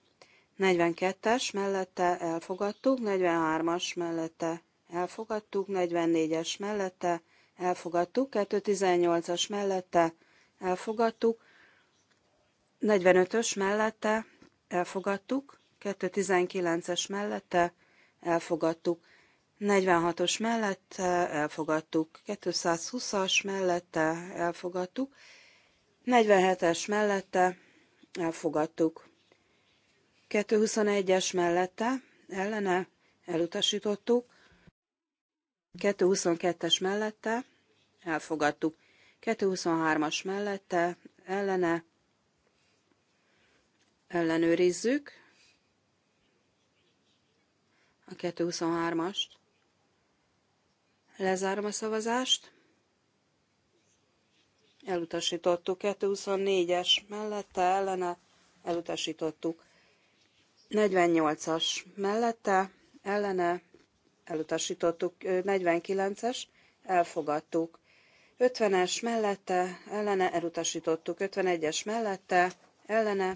42-es mellette elfogadtuk. 43-as mellette elfogadtuk. 44-es mellette elfogadtuk elfogadtuk, 218-as mellette elfogadtuk, 45-ös mellette elfogadtuk, 219-es mellette elfogadtuk, 46-os mellette elfogadtuk, 220-as mellette elfogadtuk, 47-es mellette elfogadtuk, 221-es mellette ellene elutasítottuk, 222-es mellette elfogadtuk. 223-as mellette ellene ellenőrizzük a 223-ast. Lezárom a szavazást. Elutasítottuk. 224-es mellette ellene elutasítottuk. 48-as mellette ellene elutasítottuk. 49-es, elfogadtuk. 50-es mellette, ellene, elutasítottuk. 51-es mellette, ellene,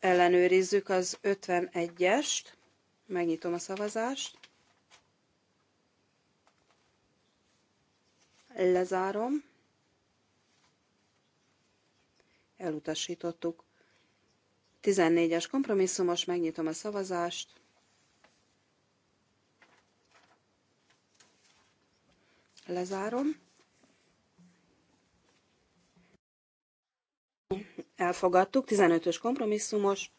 ellenőrizzük az 51-est. Megnyitom a szavazást. Lezárom. Elutasítottuk. 14-es kompromisszumos, megnyitom a szavazást. Lezárom. Elfogadtuk, 15-ös kompromisszumos.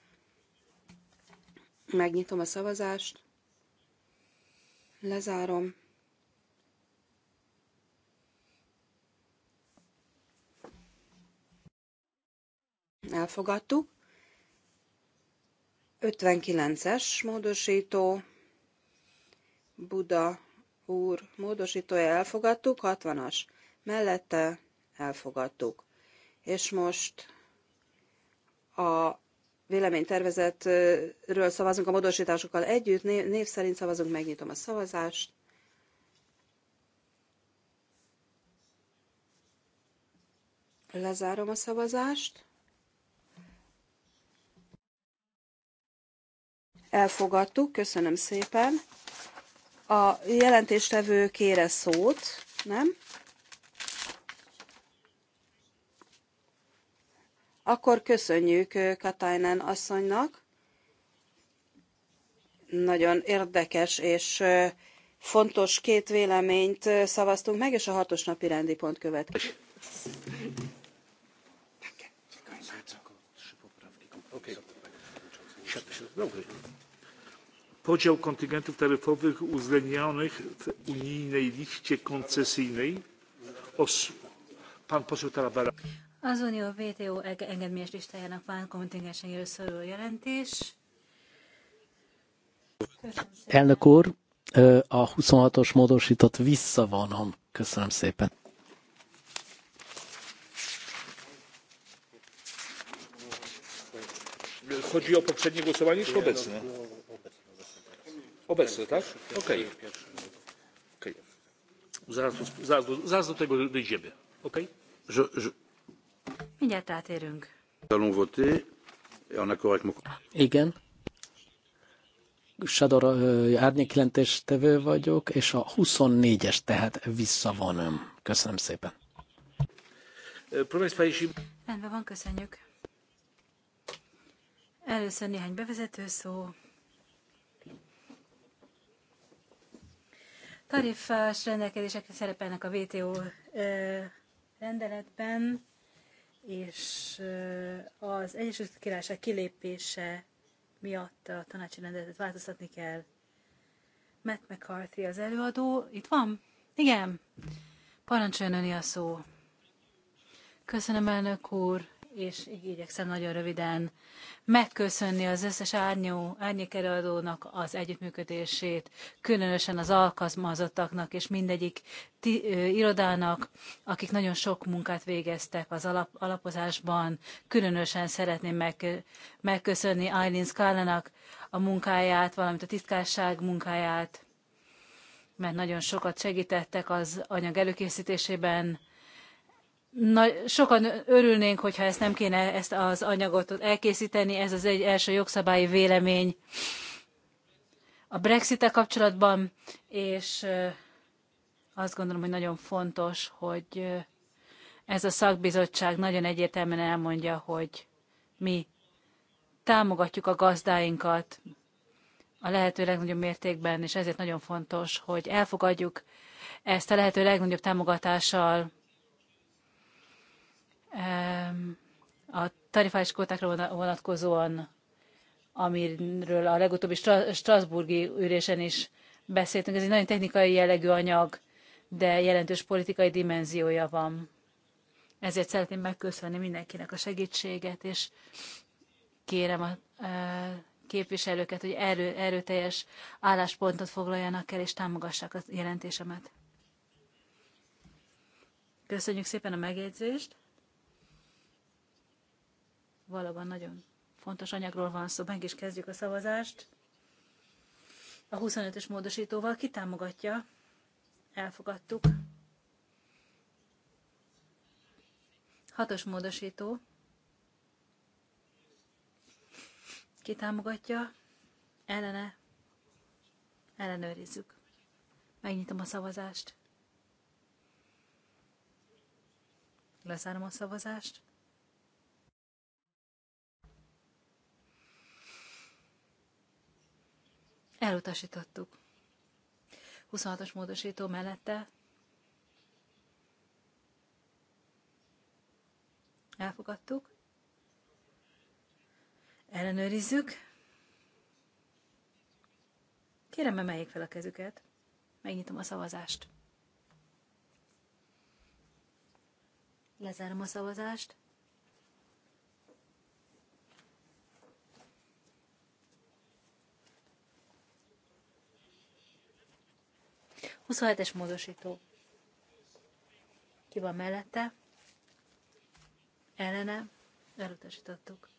Megnyitom a szavazást. Lezárom. Elfogadtuk. 59-es módosító. Buda úr módosítója elfogadtuk, 60-as mellette elfogadtuk. És most a véleménytervezetről szavazunk a módosításokkal együtt, név szerint szavazunk, megnyitom a szavazást. Lezárom a szavazást. Elfogadtuk, köszönöm szépen. A jelentéstevő kére szót, nem? Akkor köszönjük Katainen asszonynak. Nagyon érdekes és fontos két véleményt szavaztunk meg, és a hatos napi rendi pont következik. Okay podział kontyngentów taryfowych uwzględnionych w unijnej liście koncesyjnej. Os, pan poseł Tarabara. Az Unió WTO engedményes listájának van kontingensenről szóló jelentés. Elnök úr, a 26-os módosított visszavonom. Köszönöm szépen. Chodzi o poprzednie głosowanie czy obecne? Obecny, tak? Okej. Okay. Zaraz, zaraz, zaraz do tego dojdziemy. Okej? Okay? Je, je... átérünk. Allons voter en accord avec Igen. Sador árnyékjelentés tevő vagyok, és a 24-es tehát visszavonom. Köszönöm szépen. Rendben van, köszönjük. Először néhány bevezető szó, tarifás rendelkezések szerepelnek a WTO rendeletben, és az Egyesült Királyság kilépése miatt a tanácsi rendeletet változtatni kell. Matt McCarthy az előadó. Itt van? Igen. Parancsoljon a szó. Köszönöm, elnök úr és igyekszem nagyon röviden megköszönni az összes árnyó, árnyékelőadónak az együttműködését, különösen az alkalmazottaknak és mindegyik ti, ö, irodának, akik nagyon sok munkát végeztek az alap, alapozásban. Különösen szeretném meg, megköszönni Aileen Skálának a munkáját, valamint a titkásság munkáját, mert nagyon sokat segítettek az anyag előkészítésében Na, sokan örülnénk, hogyha ezt nem kéne ezt az anyagot elkészíteni, ez az egy első jogszabályi vélemény a brexit kapcsolatban, és azt gondolom, hogy nagyon fontos, hogy ez a szakbizottság nagyon egyértelműen elmondja, hogy mi támogatjuk a gazdáinkat a lehető legnagyobb mértékben, és ezért nagyon fontos, hogy elfogadjuk ezt a lehető legnagyobb támogatással a tarifális kótákra vonatkozóan, amiről a legutóbbi Strasburgi ürésen is beszéltünk, ez egy nagyon technikai jellegű anyag, de jelentős politikai dimenziója van. Ezért szeretném megköszönni mindenkinek a segítséget, és kérem a e, képviselőket, hogy erő, erőteljes álláspontot foglaljanak el, és támogassák a jelentésemet. Köszönjük szépen a megjegyzést! valóban nagyon fontos anyagról van szó. Meg is kezdjük a szavazást. A 25-ös módosítóval ki támogatja? Elfogadtuk. Hatos módosító. Ki támogatja? Ellene? Ellenőrizzük. Megnyitom a szavazást. Lezárom a szavazást. Elutasítottuk. 26-os módosító mellette elfogadtuk. Ellenőrizzük. Kérem, emeljék fel a kezüket. Megnyitom a szavazást. Lezárom a szavazást. 27-es módosító. Ki van mellette? Ellene? Elutasítottuk.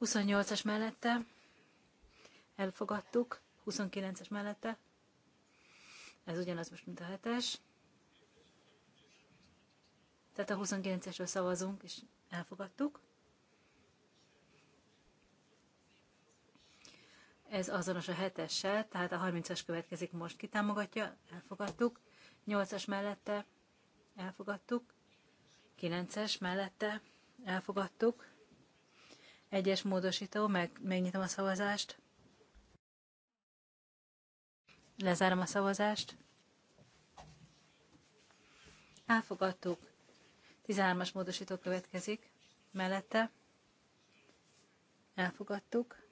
28-as mellette? Elfogadtuk. 29-es mellette? Ez ugyanaz most, mint a 7-es. Tehát a 29-esről szavazunk, és elfogadtuk. ez azonos a hetessel, tehát a 30-as következik most. kitámogatja, Elfogadtuk. 8-as mellette elfogadtuk. 9-es mellette elfogadtuk. Egyes módosító, meg, megnyitom a szavazást. Lezárom a szavazást. Elfogadtuk. 13-as módosító következik. Mellette elfogadtuk.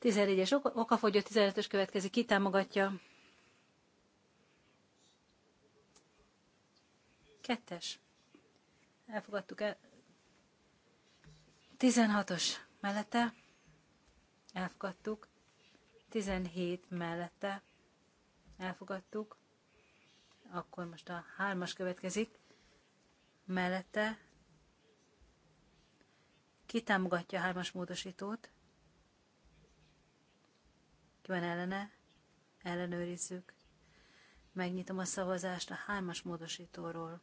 14-es okafogyó, 15-ös következik, ki támogatja? Kettes. Elfogadtuk el. 16-os mellette. Elfogadtuk. 17 mellette. Elfogadtuk. Akkor most a hármas következik. Mellette. Ki támogatja a hármas módosítót? Ki van ellene? Ellenőrizzük. Megnyitom a szavazást a hármas módosítóról.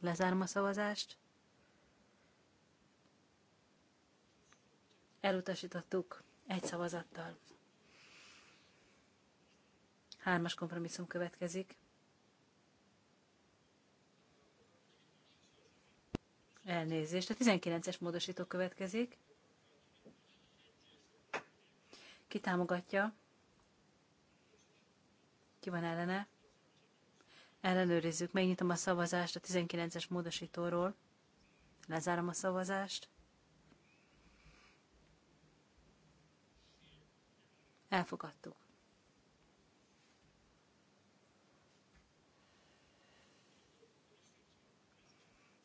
Lezárom a szavazást. Elutasítottuk egy szavazattal. Hármas kompromisszum következik. Elnézést. A 19-es módosító következik. Ki támogatja? Ki van ellene? Ellenőrizzük. Megnyitom a szavazást a 19-es módosítóról. Lezárom a szavazást. Elfogadtuk.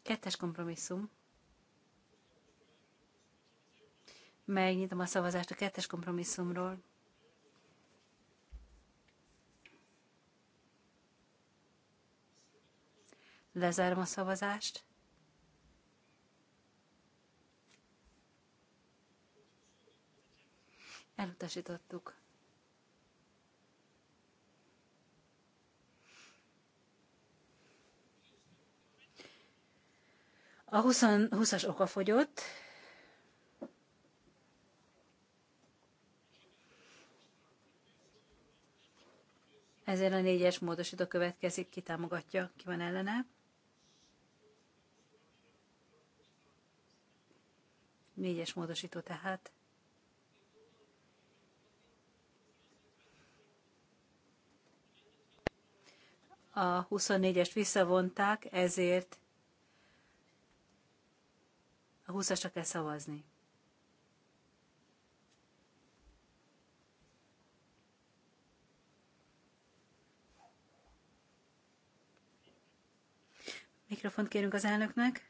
Kettes kompromisszum. Megnyitom a szavazást a kettes kompromisszumról. Lezárom a szavazást. Elutasítottuk. A 20, 20-as okafogyott, Ezért a négyes módosító következik, ki támogatja, ki van ellene. Négyes módosító tehát. A 24-est visszavonták, ezért a 20-asra kell szavazni. Mikrofont kérünk az elnöknek.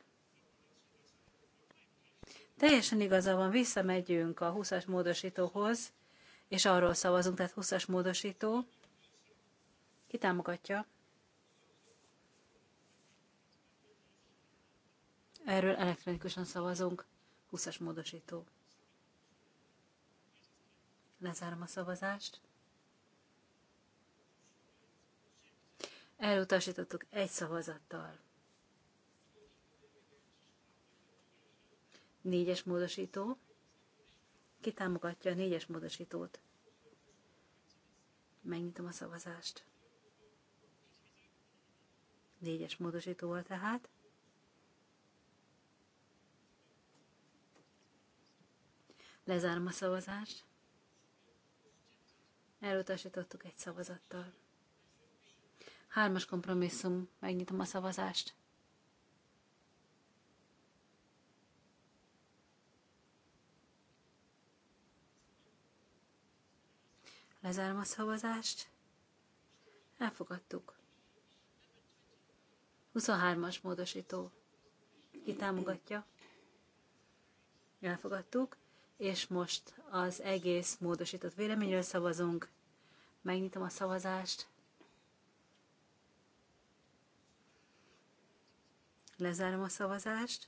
Teljesen igaza van, visszamegyünk a 20-as módosítóhoz, és arról szavazunk, tehát 20-as módosító. Ki támogatja? Erről elektronikusan szavazunk. 20-as módosító. Lezárom a szavazást. Elutasítottuk egy szavazattal. Négyes módosító. Ki támogatja a négyes módosítót? Megnyitom a szavazást. Négyes módosítóval tehát. Lezárom a szavazást. Elutasítottuk egy szavazattal. Hármas kompromisszum. Megnyitom a szavazást. Lezárom a szavazást. Elfogadtuk. 23-as módosító. Ki támogatja? Elfogadtuk. És most az egész módosított véleményről szavazunk. Megnyitom a szavazást. Lezárom a szavazást.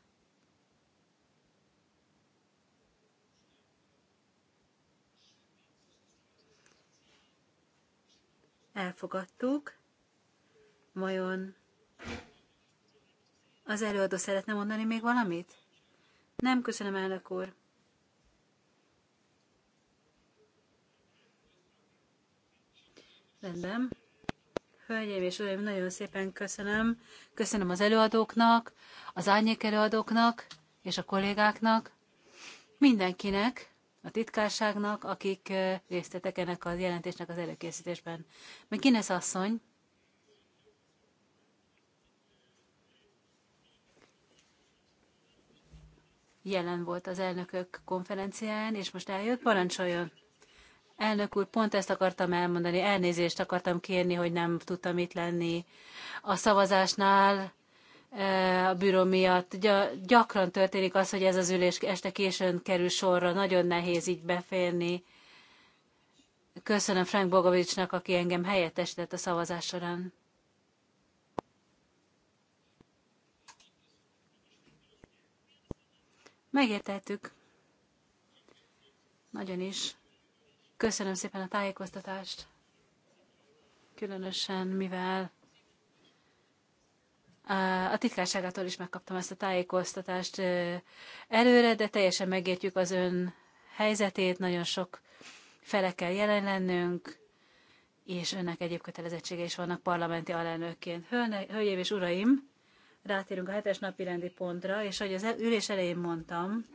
elfogadtuk. Vajon az előadó szeretne mondani még valamit? Nem, köszönöm, elnök úr. Rendben. Hölgyeim és uraim, nagyon szépen köszönöm. Köszönöm az előadóknak, az árnyék előadóknak és a kollégáknak, mindenkinek, a titkárságnak, akik részt vettek ennek a jelentésnek az előkészítésben. Meg Guinness asszony, jelen volt az elnökök konferencián, és most eljött, parancsoljon. Elnök úr, pont ezt akartam elmondani, elnézést akartam kérni, hogy nem tudtam itt lenni a szavazásnál. E, a bűró miatt. Gyakran történik az, hogy ez az ülés este későn kerül sorra, nagyon nehéz így beférni. Köszönöm Frank Bogovicsnak, aki engem helyettesített a szavazás során. Megérteltük. Nagyon is. Köszönöm szépen a tájékoztatást. Különösen, mivel a titkárságától is megkaptam ezt a tájékoztatást előre, de teljesen megértjük az ön helyzetét, nagyon sok fele kell jelen lennünk, és önnek egyéb kötelezettsége is vannak parlamenti alelnökként. Hölgyeim és uraim, rátérünk a hetes napi rendi pontra, és ahogy az ülés elején mondtam,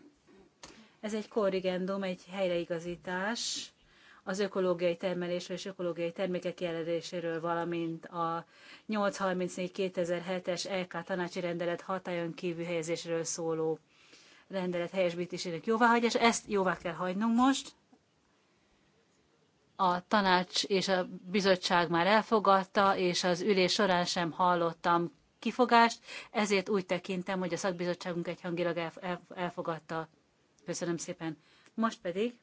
ez egy korrigendum, egy helyreigazítás az ökológiai termelésről és ökológiai termékek jelenléséről, valamint a 834-2007-es LK e tanácsi rendelet hatályon kívül helyezésről szóló rendelet helyesbítésének jóváhagyás. Ezt jóvá kell hagynunk most. A tanács és a bizottság már elfogadta, és az ülés során sem hallottam kifogást, ezért úgy tekintem, hogy a szakbizottságunk egyhangilag elfogadta. Köszönöm szépen. Most pedig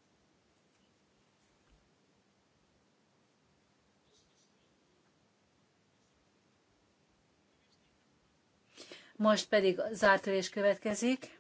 Most pedig zárt ülés következik.